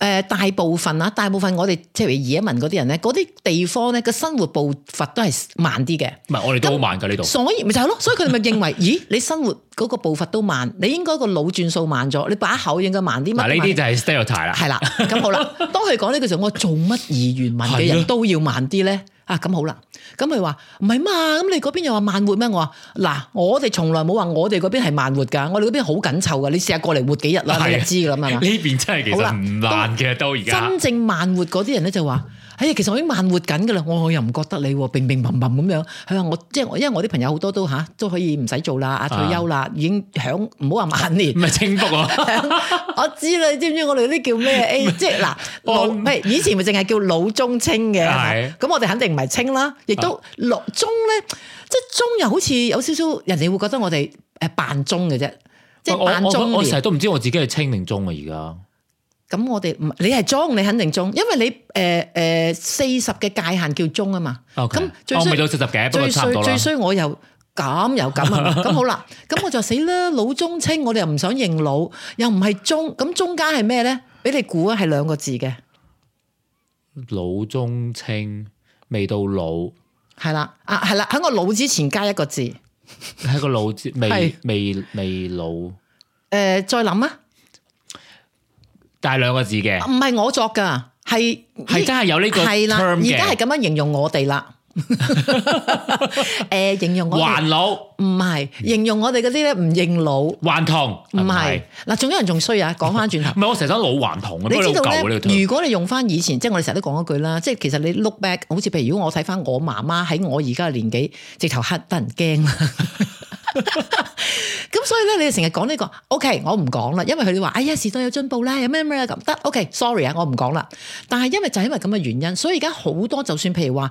誒大部分啊，大部分我哋即係譬如野民嗰啲人咧，嗰啲地方咧個生活步伐都係慢啲嘅。唔係，我哋都好慢㗎呢度。所以咪就係咯，所以佢哋咪認為， 咦？你生活嗰個步伐都慢，你應該個腦轉數慢咗，你把口應該慢啲乜？呢啲就係 stereotype 啦。係啦， 咁好啦。當佢講呢個時候，我做乜而原文嘅人都要慢啲咧？ 啊咁好啦，咁佢話唔係嘛，咁你嗰邊又話慢活咩？我話嗱，我哋從來冇話我哋嗰邊係慢活噶，我哋嗰邊好緊湊噶，你試下過嚟活幾的日啦？你就知噶啦？呢邊真係其實唔難嘅都而家真正慢活嗰啲人咧就話。哎，其實我已經慢活緊噶啦，我我又唔覺得你喎，平平淡淡咁樣。佢話我即係，因為我啲朋友好多都嚇都可以唔使做啦，退休啦，啊、已經享唔好話晚年。唔係清福啊！ 我知啦，你知唔知我哋啲叫咩、 欸？即係嗱，老 以前咪淨係叫老中青嘅。咁我哋肯定唔係青啦，亦都老中咧，即係中又好似有少少人哋會覺得我哋誒扮中嘅啫。即係扮中我，我成日都唔知我自己係青定中啊，而家。咁我哋唔，你係中，你肯定中，因為你誒誒四十嘅界限叫中啊嘛。咁最衰到四十幾都差唔多啦。最衰我又咁又咁，咁好啦，咁我就死啦。老中青，我哋又唔想認老，又唔係中，咁中間係咩咧？俾你估啊，係兩個字嘅。老中青未到老。係啦，啊係啦，喺我老之前加一個字，喺個老字未未未老。誒，再諗啊！但係兩個字嘅，唔係、啊、我作噶，係係真係有呢個係啦，而家係咁樣形容我哋啦。誒、 呃，形容我，還老唔係，形容我哋嗰啲咧唔認老，童是還童唔係。嗱，仲有人仲衰啊？講翻轉頭，唔係 我成日都老還童嘅。你，舊你知道咧，如果你用翻以前，即係我哋成日都講嗰句啦，即係其實你 look back，好似譬如如果我睇翻我媽媽喺我而家嘅年紀，直頭黑得人驚啦。 咁 所以咧，你成日講呢個，OK，我唔講啦，因為佢哋話，哎呀，時代有進步啦，有咩咩咁得，OK，sorry 啊，okay, sorry, 我唔講啦。但係因為就係、因為咁嘅原因，所以而家好多，就算譬如話，誒、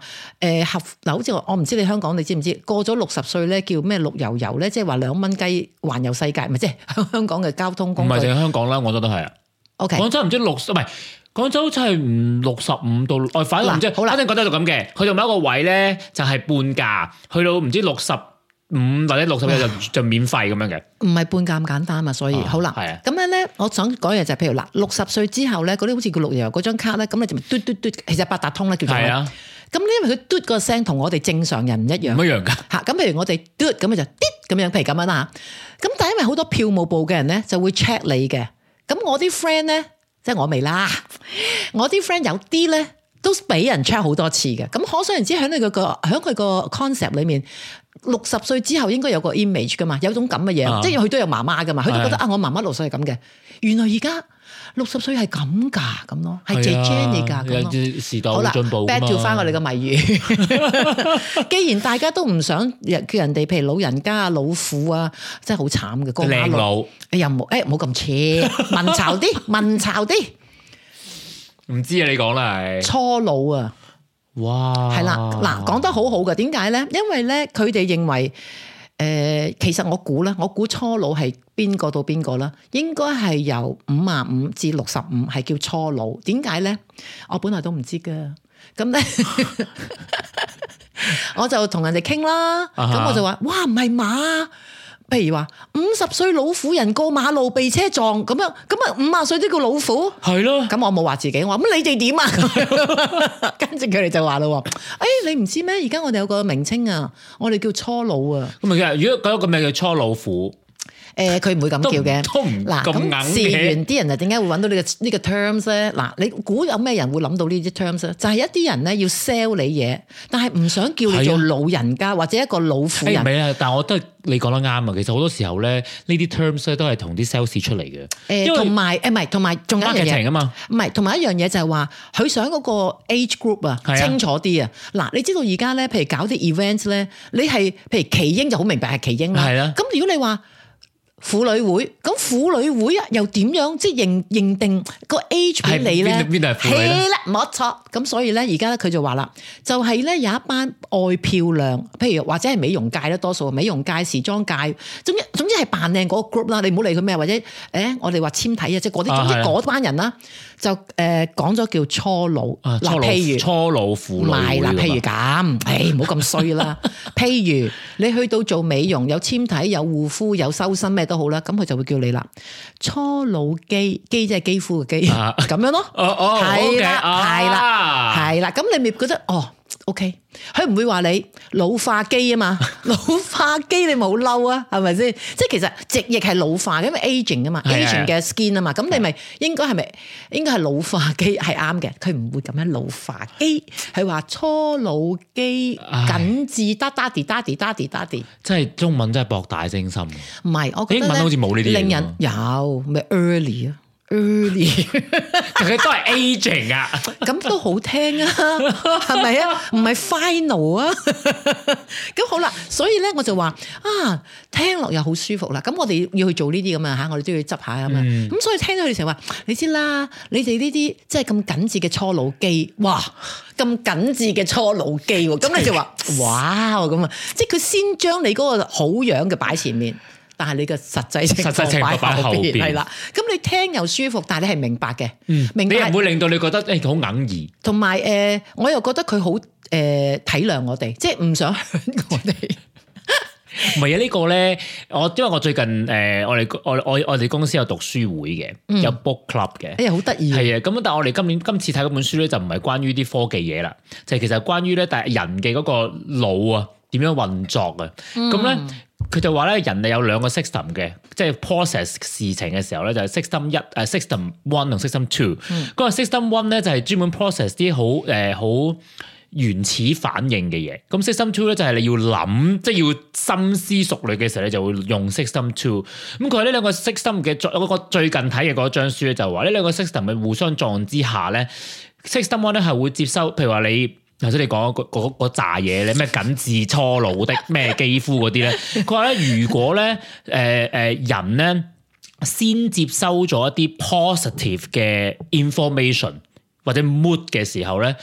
呃，合樓好似我唔知你香港，你知唔知過咗六十歲咧叫咩綠油油咧，即係話兩蚊雞環遊世界，咪即係香港嘅交通工具？唔係淨係香港啦，我覺得都係啊。OK，廣州唔知六唔係廣州好似係唔六十五到，誒，反正唔知，反正就咁嘅。去到某一個位咧，就係半價，去到唔知六十。五或者六十歲就就免費咁樣嘅，唔係半價咁簡單啊！所以好難。係啊。咁樣咧，我想講嘢就係，譬如嗱，六十歲之後咧，嗰啲好似叫綠油嗰張卡咧，咁你就嘟嘟嘟，其實八達通咧叫做係啊。咁咧因為佢嘟個聲同我哋正常人唔一樣，唔一樣噶吓。咁譬如我哋嘟咁啊就滴咁樣，譬如咁樣啊。咁但係因為好多票務部嘅人咧就會 check 你嘅。咁我啲 friend 咧，即係我未啦。我啲 friend 有啲咧都俾人 check 好多次嘅。咁可想而知喺你個個喺佢個 concept 裏面。六十歲之後應該有個 image 噶嘛，有種咁嘅嘢，uh huh. 即係佢都有媽媽噶嘛，佢都覺得 Yeah. 啊，我媽媽六十係咁嘅，原來而家六十歲係咁噶咁咯，係 Jennie 噶咁。時代好進了步。back to 翻我哋嘅謎語， 既然大家都唔想叫人哋譬如老人家老虎啊，真係好慘嘅。靚、那個、老，哎呀，冇，哎冇咁扯，文巢啲，文巢啲。唔知啊，你講啦，初老啊。哇，係啦，嗱，講得好好噶點解咧？因為咧，佢哋認為，誒、呃，其實我估咧，我估初老係邊個到邊個啦，應該係由五十五至六十五係叫初老，點解咧？我本來都唔知噶，咁咧， 我就同人哋傾啦，咁、uh huh. 我就話，哇，唔係嘛。譬如話五十歲老虎人過馬路被車撞咁樣，咁啊五啊歲都叫老虎？係咯，咁我冇話自己，我話咁你哋點啊？跟住佢哋就話咯，誒、欸，你唔知咩？而家我哋有個名稱啊，我哋叫初老啊。咁咪，如果講一個名叫初老虎。誒佢唔會咁叫嘅，嗱咁試完啲人就點解會揾到呢、呢個呢、呢個 terms 咧？嗱，你估有咩人會諗到呢啲 terms 咧？就係、係、一啲人咧要 sell 你嘢，但係唔想叫你做老人家、啊、或者一個老婦人。誒啊、欸，但係我覺得你講得啱啊。其實好多時候咧，呢啲 terms 咧都係同啲 sales 出嚟嘅。誒同埋誒唔係同埋仲有一樣嘢啊嘛。唔係同埋一樣嘢就係話佢想嗰個 age group 啊，啊清楚啲啊。嗱，你知道而家咧，譬如搞啲 events 咧，你係譬如耆英就好明白係耆英啦。係咁、啊啊、如果你話婦女會咁婦女會啊，又點樣即係認認定個 age 俾你咧？係啦，冇錯。咁所以咧，而家佢就話啦，就係咧有一班愛漂亮，譬如或者係美容界咧多數，美容界、時裝界總之總之係扮靚嗰個 group 啦。你唔好理佢咩，或者誒、哎，我哋話纖體啊，即係嗰啲總之嗰班人啦。就誒講咗叫初老，嗱譬如初老婦女，係啦，譬如咁，誒唔好咁衰啦。譬如你去到做美容，有纖體，有護膚，有修身，咩都好啦，咁佢就會叫你啦。初老肌肌即係肌膚嘅肌，咁、啊、樣咯，哦哦，係、哦、啦，係、okay, 啊、啦，係啦，咁你咪覺得哦。OK，佢唔會話你老化肌啊嘛， 老化肌你冇嬲啊，係咪先？即係其實直譯係老化，因為 aging 啊嘛，aging 嘅 skin 啊嘛，咁你咪應該係咪應該係老化肌係啱嘅？佢唔會咁樣老化肌，佢話初老肌緊緻，daddy daddy daddy daddy，即係中文真係博大精深。唔係，英文好似冇呢啲，英人有咩 early 啊？e 佢、嗯、都係 aging 啊，咁都 好聽啊，係咪啊？唔係 final 啊，咁 好啦。所以咧，我就話啊，聽落又好舒服啦。咁我哋要去做呢啲咁啊吓，我哋都要執下啊嘛。咁、嗯、所以聽咗佢成日話，你知啦，你哋呢啲即係咁緊致嘅初老肌，哇，咁緊致嘅初老肌，咁、啊、你就話哇咁啊，即係佢先將你嗰個好樣嘅擺前面。但係你嘅實際情況擺後邊，係啦。咁你聽又舒服，但係你係明白嘅，嗯、明白。你又唔會令到你覺得誒好揞耳，同埋誒我又覺得佢好誒體諒我哋，即係唔想我哋。唔係啊！這個、呢個咧，我因為我最近誒、呃，我哋我我我哋公司有讀書會嘅，嗯、有 book club 嘅。哎呀、嗯，好得意！係啊，咁但係我哋今年今次睇嗰本書咧，就唔、是、係關於啲科技嘢啦，就係其實係關於咧，但係人嘅嗰個腦啊，點樣運作啊，咁咧、嗯。嗯佢就話咧，人哋有兩個 system 嘅，即係 process 事情嘅時候咧，就係、是、system 一誒、啊、system one 同 system two。嗰個、嗯、system one 咧就係專門 process 啲好誒好原始反應嘅嘢。咁 system two 咧就係你要諗，即、就、係、是、要深思熟慮嘅時候咧，就會用 system two。咁佢呢兩個 system 嘅作，我最近睇嘅嗰一張書咧就話，呢兩個 system 嘅互相撞之下咧，system one 咧係會接收，譬如話你。頭先你講嗰嗰扎嘢咧，咩緊致初老的咩肌膚嗰啲咧？佢話咧，如果咧，誒、呃、誒、呃、人咧先接收咗一啲 positive 嘅 information 或者 mood 嘅時候咧，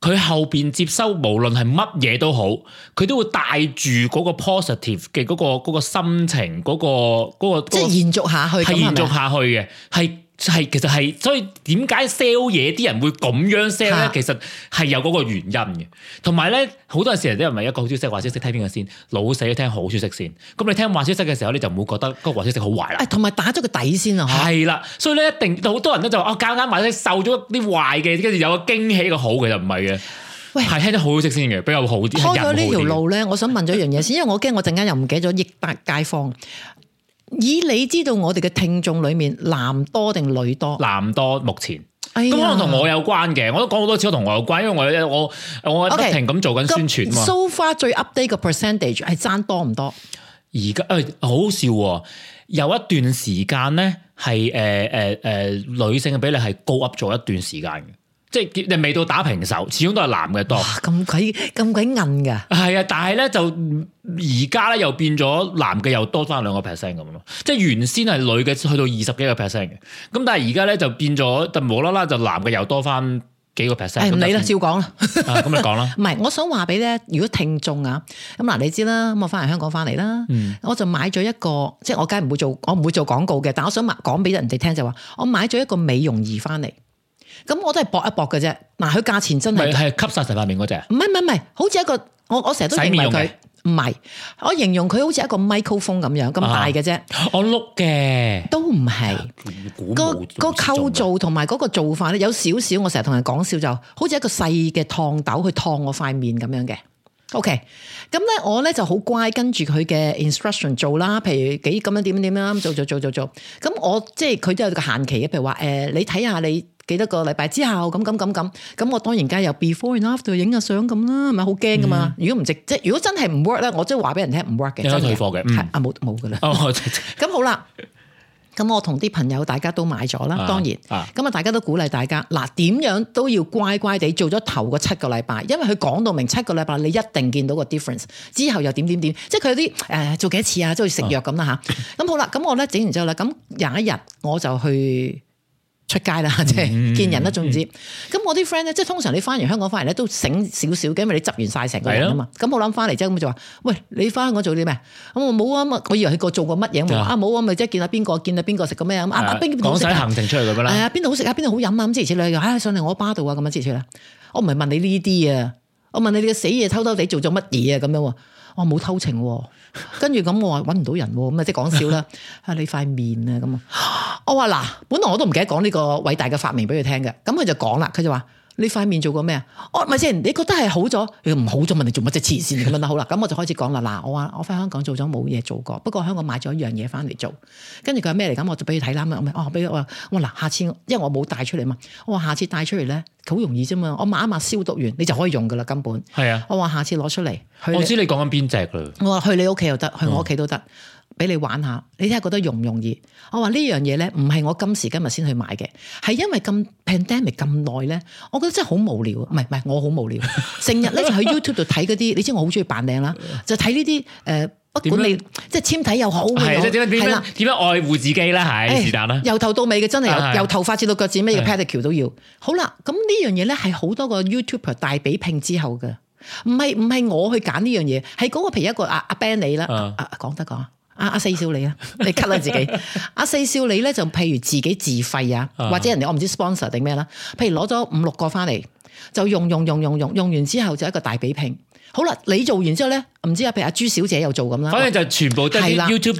佢後邊接收無論係乜嘢都好，佢都會帶住嗰個 positive 嘅嗰、嗰個心情嗰個、嗰個嗰個、即係延續下去係係，係延續下去嘅，係。係，其實係，所以點解 sell 嘢啲人會咁樣 sell 咧？其實係有嗰個原因嘅。同埋咧，好多時人都唔係一個好消息壞消息，聽邊個先，老死都聽好消息先。咁你聽壞消息嘅時候，你就唔會覺得嗰個壞消息好壞啦。同埋打咗個底先啊。係啦，所以咧一定好多人都就話，我啱啱買咧受咗啲壞嘅，跟住有個驚喜個好嘅就唔係嘅。喂，係聽得好消息先嘅，比較好啲。開咗呢條路咧，我想問咗一樣嘢先，因為我驚我陣間又唔記得咗益達街坊。以你知道我哋嘅聽眾裏面男多定女多？男多目前，都可能同我有關嘅。我都講好多次，都同我有關，因為我我我不停咁做緊宣傳嘛。Okay, that, so far 最 update 個 percentage 係爭多唔多？而家誒，好笑喎，有一段時間咧係誒誒誒，女性嘅比例係高 up 咗一段時間嘅。即係未到打平手，始終都係男嘅多。咁鬼咁鬼硬噶！係啊，但係咧就而家咧又變咗男嘅又多翻兩個 percent 咁咯。即係原先係女嘅去到二十幾個 percent 嘅，咁但係而家咧就變咗就無啦啦就男嘅又多翻幾個 percent。咁你啦，照講啦，咁咪講啦。唔係，我想話俾你，如果聽眾啊咁嗱，你知啦，咁我翻嚟香港翻嚟啦，我就買咗一個，即係、嗯、我梗係唔會做，我唔會做廣告嘅，但我想麥講俾人哋聽就話，我買咗一個美容儀翻嚟。咁我都係搏一搏嘅啫。嗱、啊，佢價錢真係係吸晒成塊面嗰隻。唔係唔係唔係，好似一個我我成日都認為佢唔係。我形容佢好似一個 microphone 咁樣咁大嘅啫、啊。我碌嘅都唔係。個個、啊、構造同埋嗰個做法咧，有少少我成日同人講笑，就好似一個細嘅燙斗去燙我塊面咁樣嘅。OK，咁咧我咧就好乖，跟住佢嘅 instruction 做啦。譬如幾咁樣點樣點樣做做做做做。咁我即係佢都有個限期嘅。譬如話誒、呃，你睇下你。幾多個禮拜之後咁咁咁咁咁，這樣這樣這樣我當然家又 before and after 影下相咁啦，咪好驚噶嘛？如果唔值，即係如果真係唔 work 咧，我即係話俾人聽唔 work 嘅，真係退貨嘅，係、嗯、啊冇冇噶啦。哦，咁 好啦，咁我同啲朋友大家都買咗啦，啊、當然，咁啊大家都鼓勵大家嗱，點樣都要乖乖地做咗頭個七個禮拜，因為佢講到明七個禮拜，你一定見到個 difference。之後又點點點，即係佢有啲誒做幾多次啊，即、啊、 好似食藥咁啦嚇。咁好啦，咁我咧整完之後咧，咁有一日我就去。出街啦，即係見人啦，總言之，咁、嗯、我啲 friend 咧，即係通常你翻完香港翻嚟咧都醒少少嘅，因為你執完晒成個人啊嘛。咁我諗翻嚟之後，咁就話：喂，你翻香港做啲咩？咁我冇啊，我以為佢過做過乜嘢冇啊？冇啊，咪即係見下邊個？見下邊個食咩啊？邊邊邊食？講晒行程出嚟咁啦。係啊，邊度好食啊？邊度好飲啊？咁諸如此類又上嚟我巴度啊，咁樣諸如此類。我唔係問你呢啲啊，我問你你個死嘢偷偷地做咗乜嘢啊？咁樣我冇偷情。跟住咁，我話揾唔到人，咁啊即係講笑啦。你塊面啊咁啊，我話嗱，本來我都唔記得講呢個偉大嘅發明俾佢聽嘅，咁佢就講啦，佢就話。你塊面做過咩啊？哦，咪先，你覺得係好咗，你唔好咗？問你做乜啫黐線？咁問啦，好啦，咁我就開始講啦。嗱，我話我翻香港做咗冇嘢做過，不過香港買咗一樣嘢翻嚟做，跟住佢係咩嚟咁？我就俾佢睇啦，我哦，俾我話，我嗱，下次因為我冇帶出嚟嘛，我話下次帶出嚟咧，好容易啫嘛，我抹一抹消毒完，你就可以用噶啦，根本。係啊。我話下次攞出嚟。去我知你講緊邊隻啦。我話去你屋企又得，去我屋企都得。嗯俾你玩下，你睇下覺得容唔容易？我話呢樣嘢咧，唔係我今時今日先去買嘅，係因為咁 pandemic 咁耐咧，我覺得真係好無聊，唔係唔係，我好無聊，成日咧就喺 YouTube 度睇嗰啲，你知我好中意扮靚啦，就睇呢啲誒，不管你樣即係纖體又好，係啦，點樣點樣愛護自己咧？係是但啦，哎、由頭到尾嘅真係由由頭髮至到腳趾咩嘢 pedicure 都要。好啦，咁呢樣嘢咧係好多個 YouTuber 大比拼之後嘅，唔係唔係我去揀呢樣嘢，係嗰、嗰個譬如一個阿阿 Ben 你啦、嗯啊，講得講。阿阿、啊、四少你啊，你 cut 你自己。阿、 啊、四少你咧就譬如自己自費啊， 或者人哋我唔知 sponsor 定咩啦。譬如攞咗五六個翻嚟，就用用用用用，用完之後就一個大比拼。好啦，你做完之後咧，唔知啊譬如阿、啊、朱小姐又做咁啦。反正就全部都係 YouTube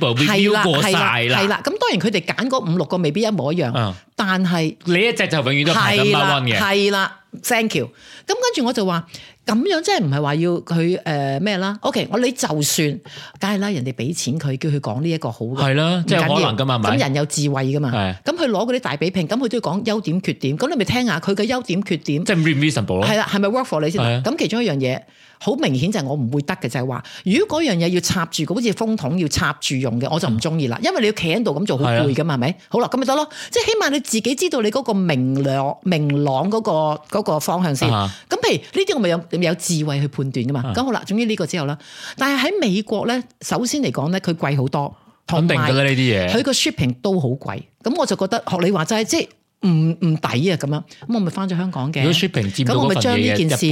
播晒啦。係啦，咁當然佢哋揀嗰五六個未必一模一樣，嗯、但係是你一隻就永遠都排緊 o n Thank you。咁跟住我就話咁樣，即係唔係話要佢誒咩啦？OK，我你就算，梗係啦，人哋俾錢佢，叫佢講呢一個好嘅係啦，的即係可能噶嘛，咁人有智慧噶嘛，係的，咁佢攞嗰啲大比拼，咁佢都要講優點缺點，咁的你咪聽下佢嘅優點缺點，即係 reversible 咯，係啦，係咪 work for 你先的？咁其中一樣嘢。好明顯就係我唔會得嘅就係、是、話，如果嗰樣嘢要插住，好似風筒要插住用嘅，我就唔中意啦。嗯、因為你要企喺度咁做，好攰噶嘛，係咪、嗯？好啦，咁咪得咯。即係起碼你自己知道你嗰個明亮、明朗嗰、嗰個嗰個方向先。咁、嗯、譬如呢啲我咪有有智慧去判斷噶嘛。咁、嗯、好啦，總之呢個之後啦。但係喺美國咧，首先嚟講咧，佢貴好多，肯定㗎啦呢啲嘢。佢個 shipping 都好貴，咁我就覺得學你話齋即係。唔唔抵啊！咁樣，咁我咪翻咗香港嘅。咁我咪將呢件事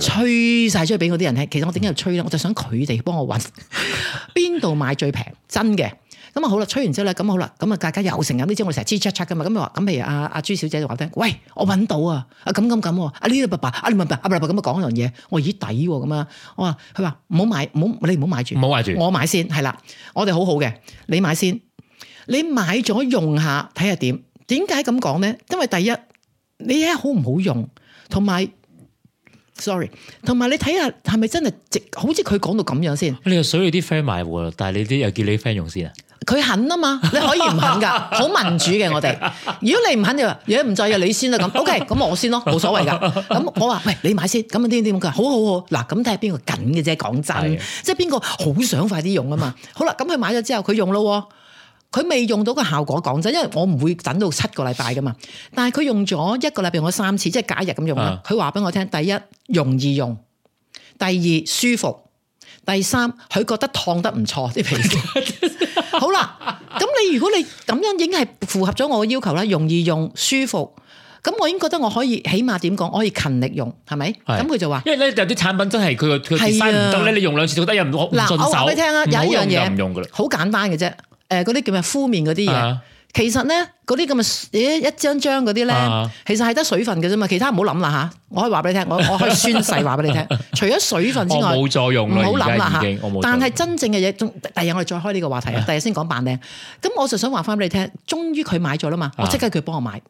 吹晒出去俾嗰啲人聽。其實我點解要吹啦，我就想佢哋幫我搵邊度買最平，真嘅。咁啊好啦，吹完之後咧，咁啊好啦，咁啊大家又成日呢啲我成日 chat chat 噶嘛。咁啊話咁譬如阿阿朱小姐就話聽，喂，我搵到啊！啊咁咁咁，啊呢度白白，你咪白白白白咁啊講樣嘢，我咦抵咁啊！我話佢話唔好買，唔好你唔好買住，唔好買住，我買先係啦。我哋好好嘅，你買先，你買咗用下睇下點。點解咁講咧？因為第一，你一好唔好用，同埋，sorry，同埋你睇下係咪真係值？好似佢講到咁樣先。你又水以啲 friend 買喎，但係你啲又叫你 friend 用先啊？佢肯啊嘛，你可以唔肯噶，好 民主嘅我哋。如果你唔肯，你話嘢唔在，又你先啦。咁 OK，咁我先咯，冇所謂噶。咁 我話喂，你買先。咁啊點點，佢話好好好。嗱，咁睇下邊個緊嘅啫。講真，即係邊個好想快啲用啊嘛。 好啦，咁佢買咗之後，佢用咯。佢未用到個效果，講真，因為我唔會等到七個禮拜噶嘛。但係佢用咗一個禮拜，用咗三次，即係假日咁用。佢話俾我聽，第一容易用，第二舒服，第三佢覺得燙得唔錯啲皮膚。 好啦，咁你如果你咁樣已經係符合咗我嘅要求啦，容易用，舒服，咁我已經覺得我可以起碼點講，我可以勤力用係咪？咁佢是就話，因為咧有啲產品真係佢佢嘅嘥唔得咧，啊、你用兩次覺得又唔順手，唔好一樣嘢就唔用噶啦。好簡單嘅啫。誒，嗰啲、呃、叫咩敷面嗰啲嘢，uh huh. 其實咧嗰啲咁嘅，一張張嗰啲咧，uh huh. 其實係得水分嘅啫嘛，其他唔好諗啦吓。我可以話俾你聽，我我可以宣誓話俾你聽， 除咗水分之外，冇 作用。唔好諗啦吓，但係真正嘅嘢，第日我哋再開呢個話題啊，第日先講扮靚。咁、uh huh. 我就想話翻俾你聽，終於佢買咗啦嘛，我即刻叫佢幫我買，uh huh.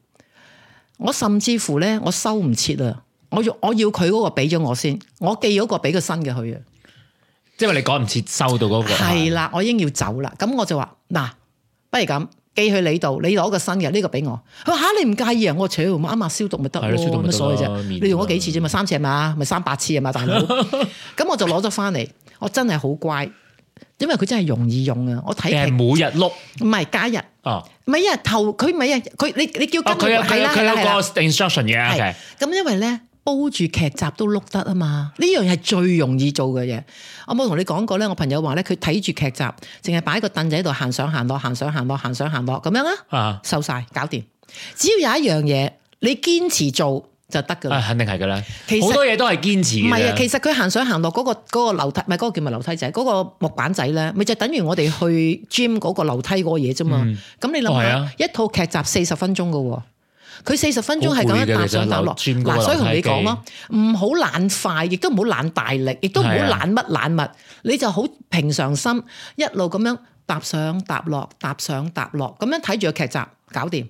我甚至乎咧我收唔切啊，我要我要佢嗰個俾咗我先，我寄咗個俾個新嘅佢啊，即係你趕唔切收到嗰、那個係啦， 我已經要走啦，咁我就話。嗱，不如咁寄去你度，你攞個新嘅呢個俾我。佢話吓，你唔介意啊？我扯毛啱啊，消毒咪得咯，乜所謂啫？你用咗幾次啫嘛？三次啊嘛，咪三百次啊嘛，大佬。咁我就攞咗翻嚟，我真係好乖，因為佢真係容易用啊。我睇佢每日碌，唔係加日哦，每日頭佢每日佢你你叫佢佢佢有個 instruction 嘅。咁因為咧。煲住劇集都碌得啊嘛！呢樣係最容易做嘅嘢。我冇同你講過咧，我朋友話咧，佢睇住劇集，淨係擺個凳仔喺度行上行落，行上行落，行上行落，咁樣啊，瘦晒，搞掂。只要有一樣嘢，你堅持做就得噶啦。啊，肯定係噶啦，其實好多嘢都係堅持。唔係啊，其實佢行上行落嗰、個嗰、個樓梯，唔係嗰個叫咩樓梯仔，嗰、個木板仔咧，咪就是，等於我哋去 gym 嗰個樓梯嗰個嘢啫嘛。咁，嗯，你諗下，哦啊，一套劇集四十分鐘噶。佢四十分鐘係咁樣踏上踏落，嗱，所以同你講咯，唔好懶快，亦都唔好懶大力，亦都唔好懶乜懶物，你就好平常心一路咁樣踏上踏落，踏上踏落，咁樣睇住個劇集搞掂。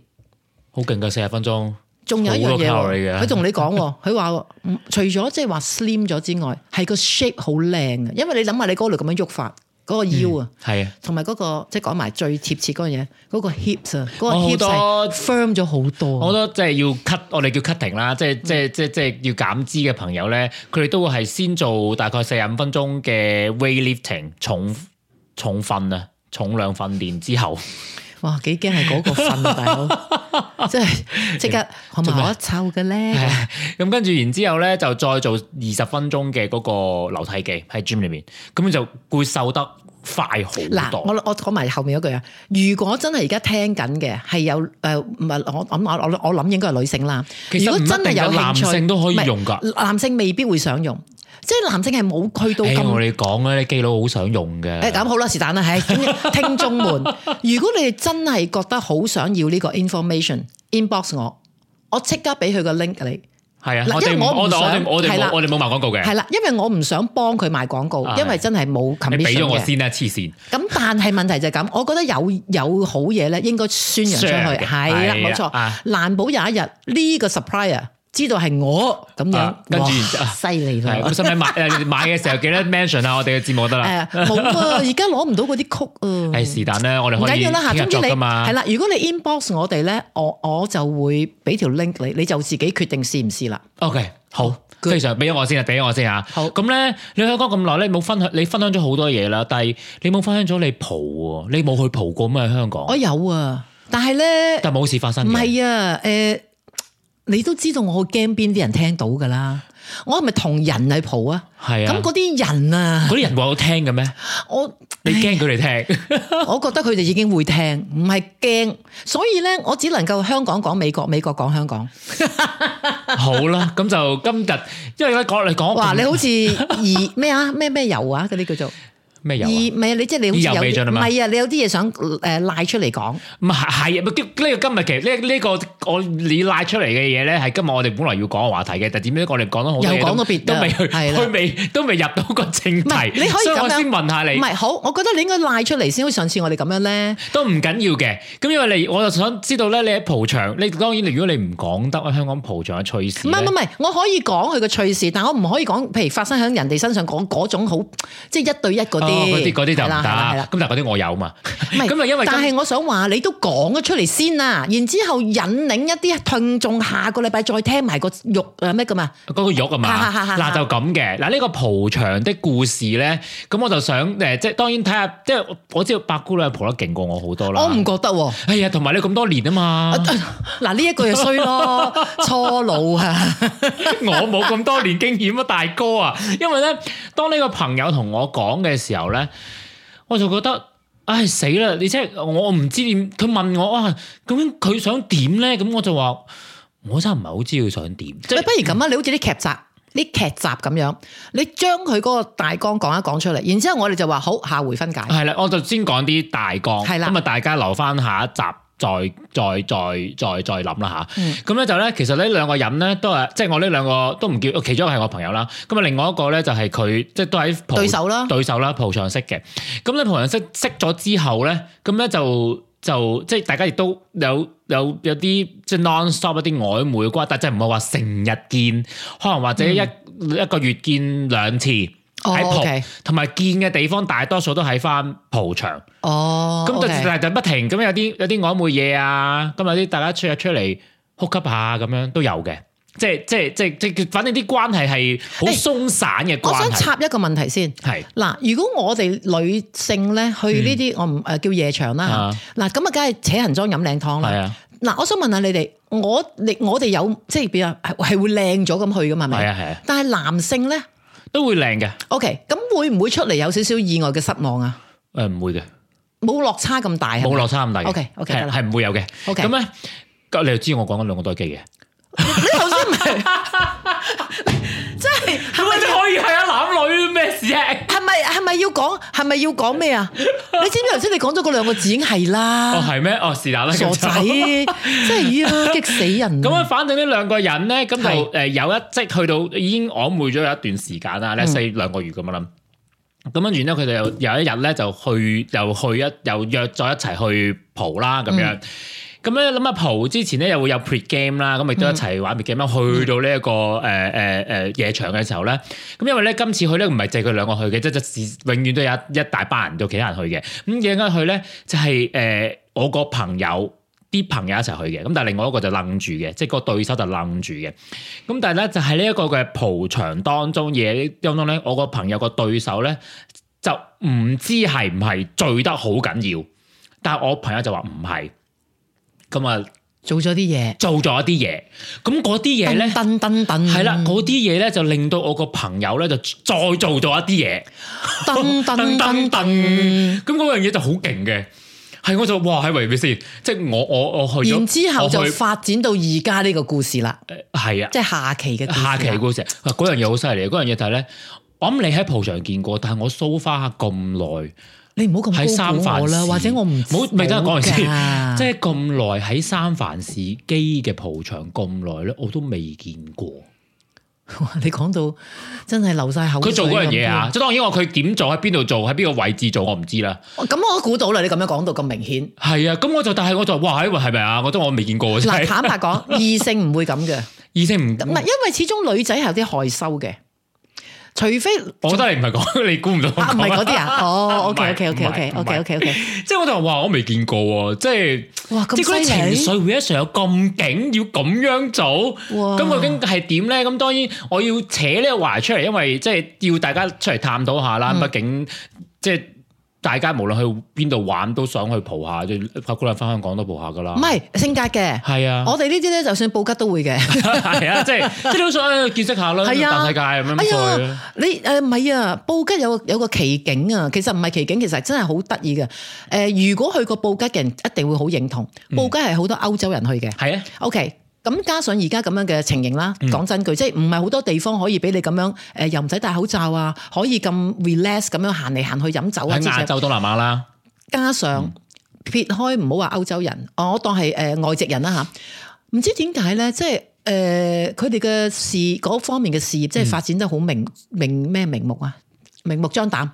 好勁㗎，四十分鐘。仲有一樣嘢，佢同你講，佢話除咗即係話 Slim 咗之外，係個 shape 好靚嘅，因為你諗下你嗰輪咁樣喐法。嗰個腰、嗯、啊，係啊、嗰個，同埋嗰個即係講埋最貼切嗰樣嘢，嗰、嗰個 hips 啊、哦，嗰個 hips firm 咗好多，多。我覺得即係要 cut，我哋叫 cutting 啦，即係即係即係即係要減脂嘅朋友咧，佢哋都會係先做大概四十五分鐘嘅 weight lifting，重重訓啊，重量訓練之後，哇，幾驚係嗰個訓啊，大佬，即係即刻可唔可瘦嘅咧？咁跟住然之後咧，就再做二十分鐘嘅嗰個樓梯機喺 gym 裏面，咁就會瘦得.快好多，嗱，我我講埋後面嗰句啊，如果真係而家聽緊嘅係有，誒，唔係，我諗我我我諗應該係女性啦。性如果真係有男性都可以用噶，男性未必會想用，即係男性係冇去到咁、哎。我哋講啦，你基佬好想用嘅。誒、哎，咁好啦，是但啦，吓，咁聽眾們， 如果你哋真係覺得好想要呢個 information inbox 我，我即刻俾佢個 link 你。係啊，因為我唔想係啦，我哋冇賣廣告嘅。係啦，因為我唔想幫佢賣廣告，因為真係冇。你俾咗我先啦，黐線。咁但係問題就係咁，我覺得有有好嘢咧，應該宣揚出去，係啦，冇錯。難保有一日呢個 supplier。知道係我咁樣，跟住然之後犀利啦！咁使唔使買？誒，買嘅時候記得 mention 下我哋嘅節目得啦。誒冇啊，而家攞唔到嗰啲曲啊。係是但咧，我哋唔緊要啦嚇。總之你係啦，如果你 inbox 我哋咧，我我就會俾條 link 你，你就自己決定試唔試啦。OK，好，非常，俾咗我先啦，俾咗我先嚇。好，咁咧，你喺香港咁耐咧，冇分享，你分享咗好多嘢啦，但係你冇分享咗你蒲喎，你冇去蒲過咩喺香港？我有啊，但係咧，但係冇事發生嘅。唔係啊，誒。你都知道我好驚邊啲人聽到噶啦，我係咪同人去蒲啊？係啊，咁嗰啲人啊，嗰啲人話我聽嘅咩？我你驚佢哋聽？唉 我覺得佢哋已經會聽，唔係驚，所以咧，我只能夠香港講美國，美國講香港。 好啦，咁就今日，因為咧講嚟講，哇，你好似二咩啊？咩咩油啊？嗰啲叫做。咩唔係啊！你即係你好有，有啊！你有啲嘢想誒賴、呃、出嚟講？唔係係啊！呢個今日其實呢、這、呢個、這個這個、我你賴出嚟嘅嘢咧，係今日我哋本來要講嘅話題嘅。但點解我哋講得好？又講到又別，都未未都未入到個正題。你可以先問下你。唔係好，我覺得你應該賴出嚟先，好似上次我哋咁樣咧。都唔緊要嘅。咁因為你，我就想知道咧，你喺蒲場，你當然，如果你唔講得，香港蒲場嘅趣事。唔係唔係，我可以講佢個趣事，但我唔可以講，譬如發生喺人哋身上講嗰種好，即係一對一嗰哦，嗰啲嗰啲就唔得啦，咁但係嗰啲我有嘛，咁啊因為，但係我想話你都講咗出嚟先啊，然之後引領一啲聽眾下個禮拜再聽埋個肉啊咩噶嘛，嗰個肉啊嘛，嗱就咁嘅，嗱呢個蒲場的故事咧，咁我就想誒，即係當然睇下，即係我知道八姑娘蒲得勁過我好多啦，我唔覺得，哎呀，同埋你咁多年啊嘛，嗱呢一個又衰咯，初老啊，我冇咁多年經驗啊大哥啊，因為咧當呢個朋友同我講嘅時候。後咧，我就覺得唉死啦！你即係我唔知點，佢問我、啊、究竟佢想點咧？咁我就話我真係唔係好知佢想點。喂，不如咁啊！你好似啲劇集，啲劇集咁樣，你將佢嗰個大綱講一講出嚟，然之後我哋就話好下回分解。係啦，我就先講啲大綱，咁啊的，大家留翻下一集。再再再再再諗啦嚇，咁咧、嗯、就咧，其實呢兩個人咧都係，即係我呢兩個都唔叫，其中一個係我朋友啦，咁啊另外一個咧就係佢，即係都喺對手啦，對手啦，蒲場識嘅。咁咧蒲場識識咗之後咧，咁咧就就即係大家亦都有有有啲即係 non stop 一啲曖昧嘅關，但係真唔係話成日見，可能或者一一個月見兩次。嗯嗯。喺蒲同埋見嘅地方，大多數都喺翻蒲場。哦，咁就就就不停咁，有啲有啲曖昧嘢啊。咁有啲大家出一出嚟，呼吸下咁樣都有嘅。即係即係即係即係，反正啲關係係好鬆散嘅關係，欸。我想插一個問題先。係嗱是，如果我哋女性咧去呢啲，嗯、我唔誒叫夜場啦。嗱咁、嗯、啊，梗係扯人裝飲靚湯啦。嗱，我想問下你哋，我我哋有即係比較係會靚咗咁去噶嘛？係啊係啊。但係男性咧？都會靚嘅，OK，咁會唔會出嚟有少少意外嘅失望啊？誒，唔會嘅，冇落差咁大，冇落差咁大，OK，OK，係係唔會有嘅，OK，咁咧，你又知我講緊兩個多機嘅。 你頭先唔係，即係係咪都可以係啊？男女咩事啊？係咪係咪要講？係咪要講咩啊？ 你知唔知頭先你講咗嗰兩個字已經係啦、哦？哦係咩？哦子 是但啦，傻仔，真係啊，激死人！咁樣，反正呢兩個人咧，咁就誒有一是即係去到已經曖昧咗有一段時間啦，咧四兩個月咁樣啦。咁、嗯、樣然之後佢哋又有一日咧就去又去一又約咗一齊去蒲啦，咁樣。嗯咁咧諗下蒲之前咧又會有 pregame 啦，咁亦都一齊玩 game 啦。Game，去到呢、這、一個誒誒誒夜場嘅時候咧，咁因為咧今次去咧唔係淨佢兩個去嘅，即係永遠都有一大班人都其他人去嘅。咁點解去咧？就係、是、誒、呃、我個朋友啲朋友一齊去嘅，咁但係另外一個就愣住嘅，即係個對手就愣住嘅。咁但係咧就喺呢一個嘅蒲場當中嘢當中咧，我個朋友個對手咧就唔知係唔係醉得好緊要，但係我朋友就話唔係。咁啊，做咗啲嘢，做咗一啲嘢。咁嗰啲嘢咧，噔噔噔，係啦，嗰啲嘢咧就令到我個朋友咧就再做咗一啲嘢。噔噔噔噔，咁嗰樣嘢就好勁嘅。係我就哇喺維也斯，即係我我我去然之後就，去就發展到而家呢個故事啦。係、呃、啊，即係下期嘅下期故事。嗱，嗰樣嘢好犀利，嗰樣嘢就係、是、咧，我諗你喺蒲場見過，但係我 so far 咁耐。喺三藩市，或者我唔好未得講完先。即係咁耐喺三藩市機嘅蒲場咁耐咧，我都未見過。你講到真係流曬口水，佢做嗰樣嘢啊！即係當然我佢點做喺邊度做喺邊個位置做，我唔知啦。咁我估到啦，你咁樣講到咁明顯。係啊，咁我就但係我就話：，哇！係咪啊？我覺得我未見過啊！嗱，坦白講，異性唔會咁嘅。異性唔唔係因為始終女仔係有啲害羞嘅。除非我覺得你唔係講，你估唔到我。啊，唔係嗰啲啊，哦，OK，OK，OK，OK，OK，OK，即係我就話，我未見過喎，即係哇咁犀利，情緒會一時有咁勁，要咁樣做，咁哇究竟係點咧？咁當然我要扯呢個話出嚟，因為即係要大家出嚟探討下啦。嗯、畢竟即係。大家無論去邊度玩都想去蒲下，即係八姑娘返香港都蒲下㗎喇。唔係性格嘅，係是啊，我哋呢啲咧，就算布吉都會嘅，係啊，即係即係都想見識下咯，是啊、大世界咁樣去。哎、你誒唔係啊？布吉有個有個奇景啊，其實唔係奇景，其實真係好得意嘅。誒、呃，如果去過布吉嘅人，一定會好認同。嗯、布吉係好多歐洲人去嘅，係是啊。OK。咁加上而家咁樣嘅情形啦，講真句，嗯、即係唔係好多地方可以俾你咁樣，誒、呃、又唔使戴口罩啊，可以咁 relax 咁樣行嚟行去飲酒啊。喺、嗯、是亞洲東南亞啦，加上、嗯、撇開唔好話歐洲人，我當係誒、呃、外籍人啦吓，唔知點解咧，即係誒佢哋嘅事嗰方面嘅事業，即係發展得好明明咩明，明目啊？明目張膽，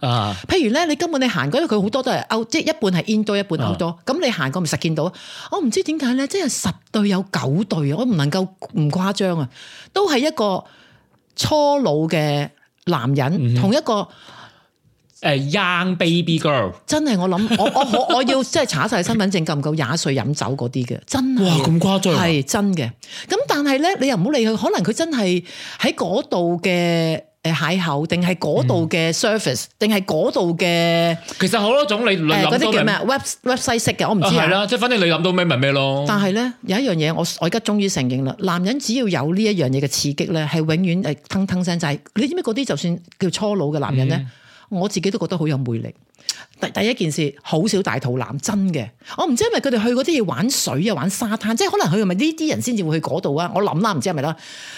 譬如咧，你根本你行嗰度佢好多都係歐，即係一半係印度一半好多，咁、嗯、你行過咪實見到？我唔知點解咧，即係十對有九對，我唔能夠唔誇張啊！都係一個初老嘅男人，同一個誒、嗯哼 uh, young baby girl，真係我諗，我我我我要即係查晒身份證夠唔夠廿歲飲酒嗰啲嘅，真係哇咁誇張，係真嘅。咁但係咧，你又唔好理佢，可能佢真係喺嗰度嘅。蟹口定係嗰度嘅 surface，定係嗰度嘅。其實好多種你，嗰啲、呃、叫咩？web website 式嘅，我唔知。係啦、啊，即係反正你諗到咩咪咩咯。但係咧有一樣嘢，我我而家終於承認啦，男人只要有呢一樣嘢嘅刺激咧，係永遠誒騰騰聲仔。你知唔知嗰啲就算叫初老嘅男人咧，嗯、我自己都覺得好有魅力。第第一件事，好少大肚腩，真嘅。我唔知因為佢哋去嗰啲要玩水啊，玩沙灘，即係可能佢係咪呢啲人先至會去嗰度啊？我諗啦，唔知係咪啦。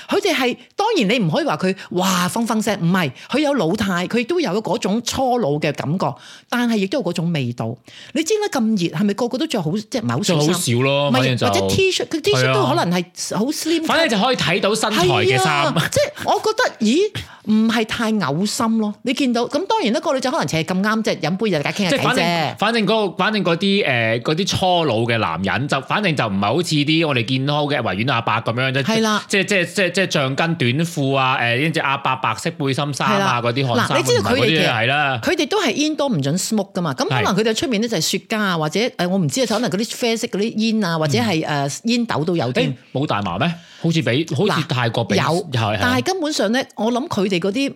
佢哋係當然你唔可以話佢哇，放放聲，唔係佢有老態，佢都有嗰種初老嘅感覺，但係亦都有嗰種味道。你知唔知咁熱係咪個個都着好即係好？少咯，或者 T 恤，佢 T 恤、啊、都可能係好 Slim。反正就可以睇到身材、啊、 即係我覺得咦，唔係太嘔心咯。你見到咁，當然一、嗰個女仔可能就係咁啱即係飲。杯又解傾下偈啫。反正嗰反正啲誒啲初老嘅男人，就反正就唔係好似啲我哋健康嘅維園阿伯咁樣啫。係啦，即係即係即係即係橡筋短褲啊！誒，呢隻阿伯白色背心衫啊，嗰啲你知道佢哋係啦。佢哋都係煙多唔準 smoke 噶嘛。咁可能佢哋出面咧就係雪茄啊，或者誒我唔知可能嗰啲啡色嗰啲煙啊，或者係誒煙斗都有啲。冇大麻咩？好似比好似泰國比，但係根本上咧，我諗佢哋嗰啲。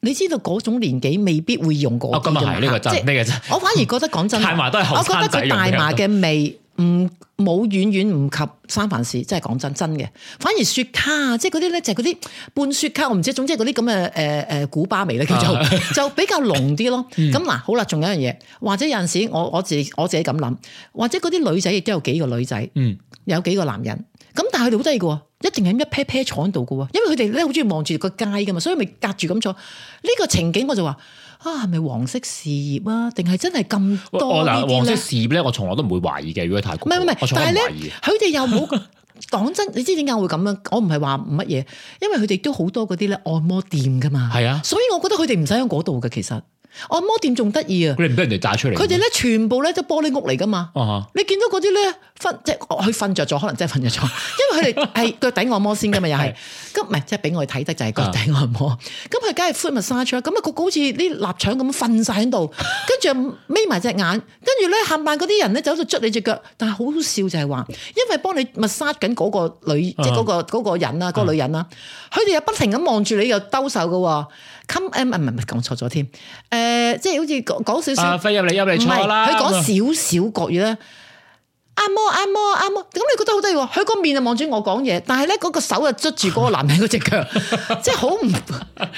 你知道嗰種年紀未必會用嗰種咁，即係、哦、我反而覺得講 真，大麻都係我覺得佢大麻嘅味唔冇遠遠唔及三藩市，即係講真真嘅。反而雪茄即係嗰啲咧就嗰、是、啲、就是、半雪茄，我唔知，總之嗰啲咁嘅、誒誒古巴味咧，叫做 就比較濃啲咯。咁嗱、 嗯，好啦，仲有一樣嘢，或者有陣時我我自我自己咁諗，或者嗰啲女仔亦都有幾個女仔，嗯， 有幾個男人。咁但係佢哋好得意噶，一定係一 pair pair 坐喺度噶，因為佢哋咧好中意望住個街噶嘛，所以咪隔住咁坐。呢個情景我就話啊，係咪黃色事業啊？定係真係咁多呢黃色事業咧，我從來都唔會懷疑嘅，如果喺泰國。唔係唔係，但係咧，佢哋又唔好講真，你知點解會咁啊？我唔係話乜嘢，因為佢哋都好多嗰啲咧按摩店噶嘛。係啊，所以我覺得佢哋唔使喺嗰度嘅，其實。按摩店仲得意啊！佢哋俾人哋炸出嚟，佢哋咧全部咧都玻璃屋嚟噶嘛。你見到嗰啲咧瞓，即係佢瞓着咗，可能真係瞓着咗。因為佢哋係腳底按摩先噶嘛，又係咁唔係，即係俾我哋睇得就係腳底按摩。咁佢梗係 foot massage，咁啊個好似啲臘腸咁瞓晒喺度，跟住又眯埋隻眼，跟住咧冚唪唥嗰啲人咧就喺度捽你隻腳，但係好好笑就係話，因為幫你 Massage 緊嗰個女，即係嗰個嗰個人啊，嗰女人啊。佢哋又不停咁望住你又兜手噶。冚誒唔係唔係講錯咗添，誒、呃、即係好似講講少少，飛入嚟入嚟錯啦！佢講少少國語啦，按摩，按摩，按摩。咁你覺得好得意喎？佢個面啊望住我講嘢，但係咧嗰個手啊捉住嗰個男人嗰隻腳， 即係好唔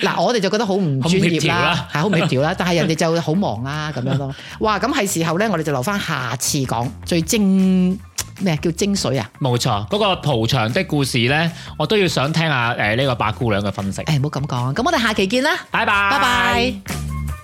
嗱我哋就覺得好唔專業哈哈 啦，係好唔協調啦。但係人哋就會好忙啦咁樣咯。哇！咁係時候咧，我哋就留翻下次講最精。 咩叫精髓啊？冇錯，嗰、那個蒲場的故事呢，我都要想聽下誒呢個八姑娘嘅分析。誒唔好咁講，咁我哋下期見啦，拜拜 bye，拜拜。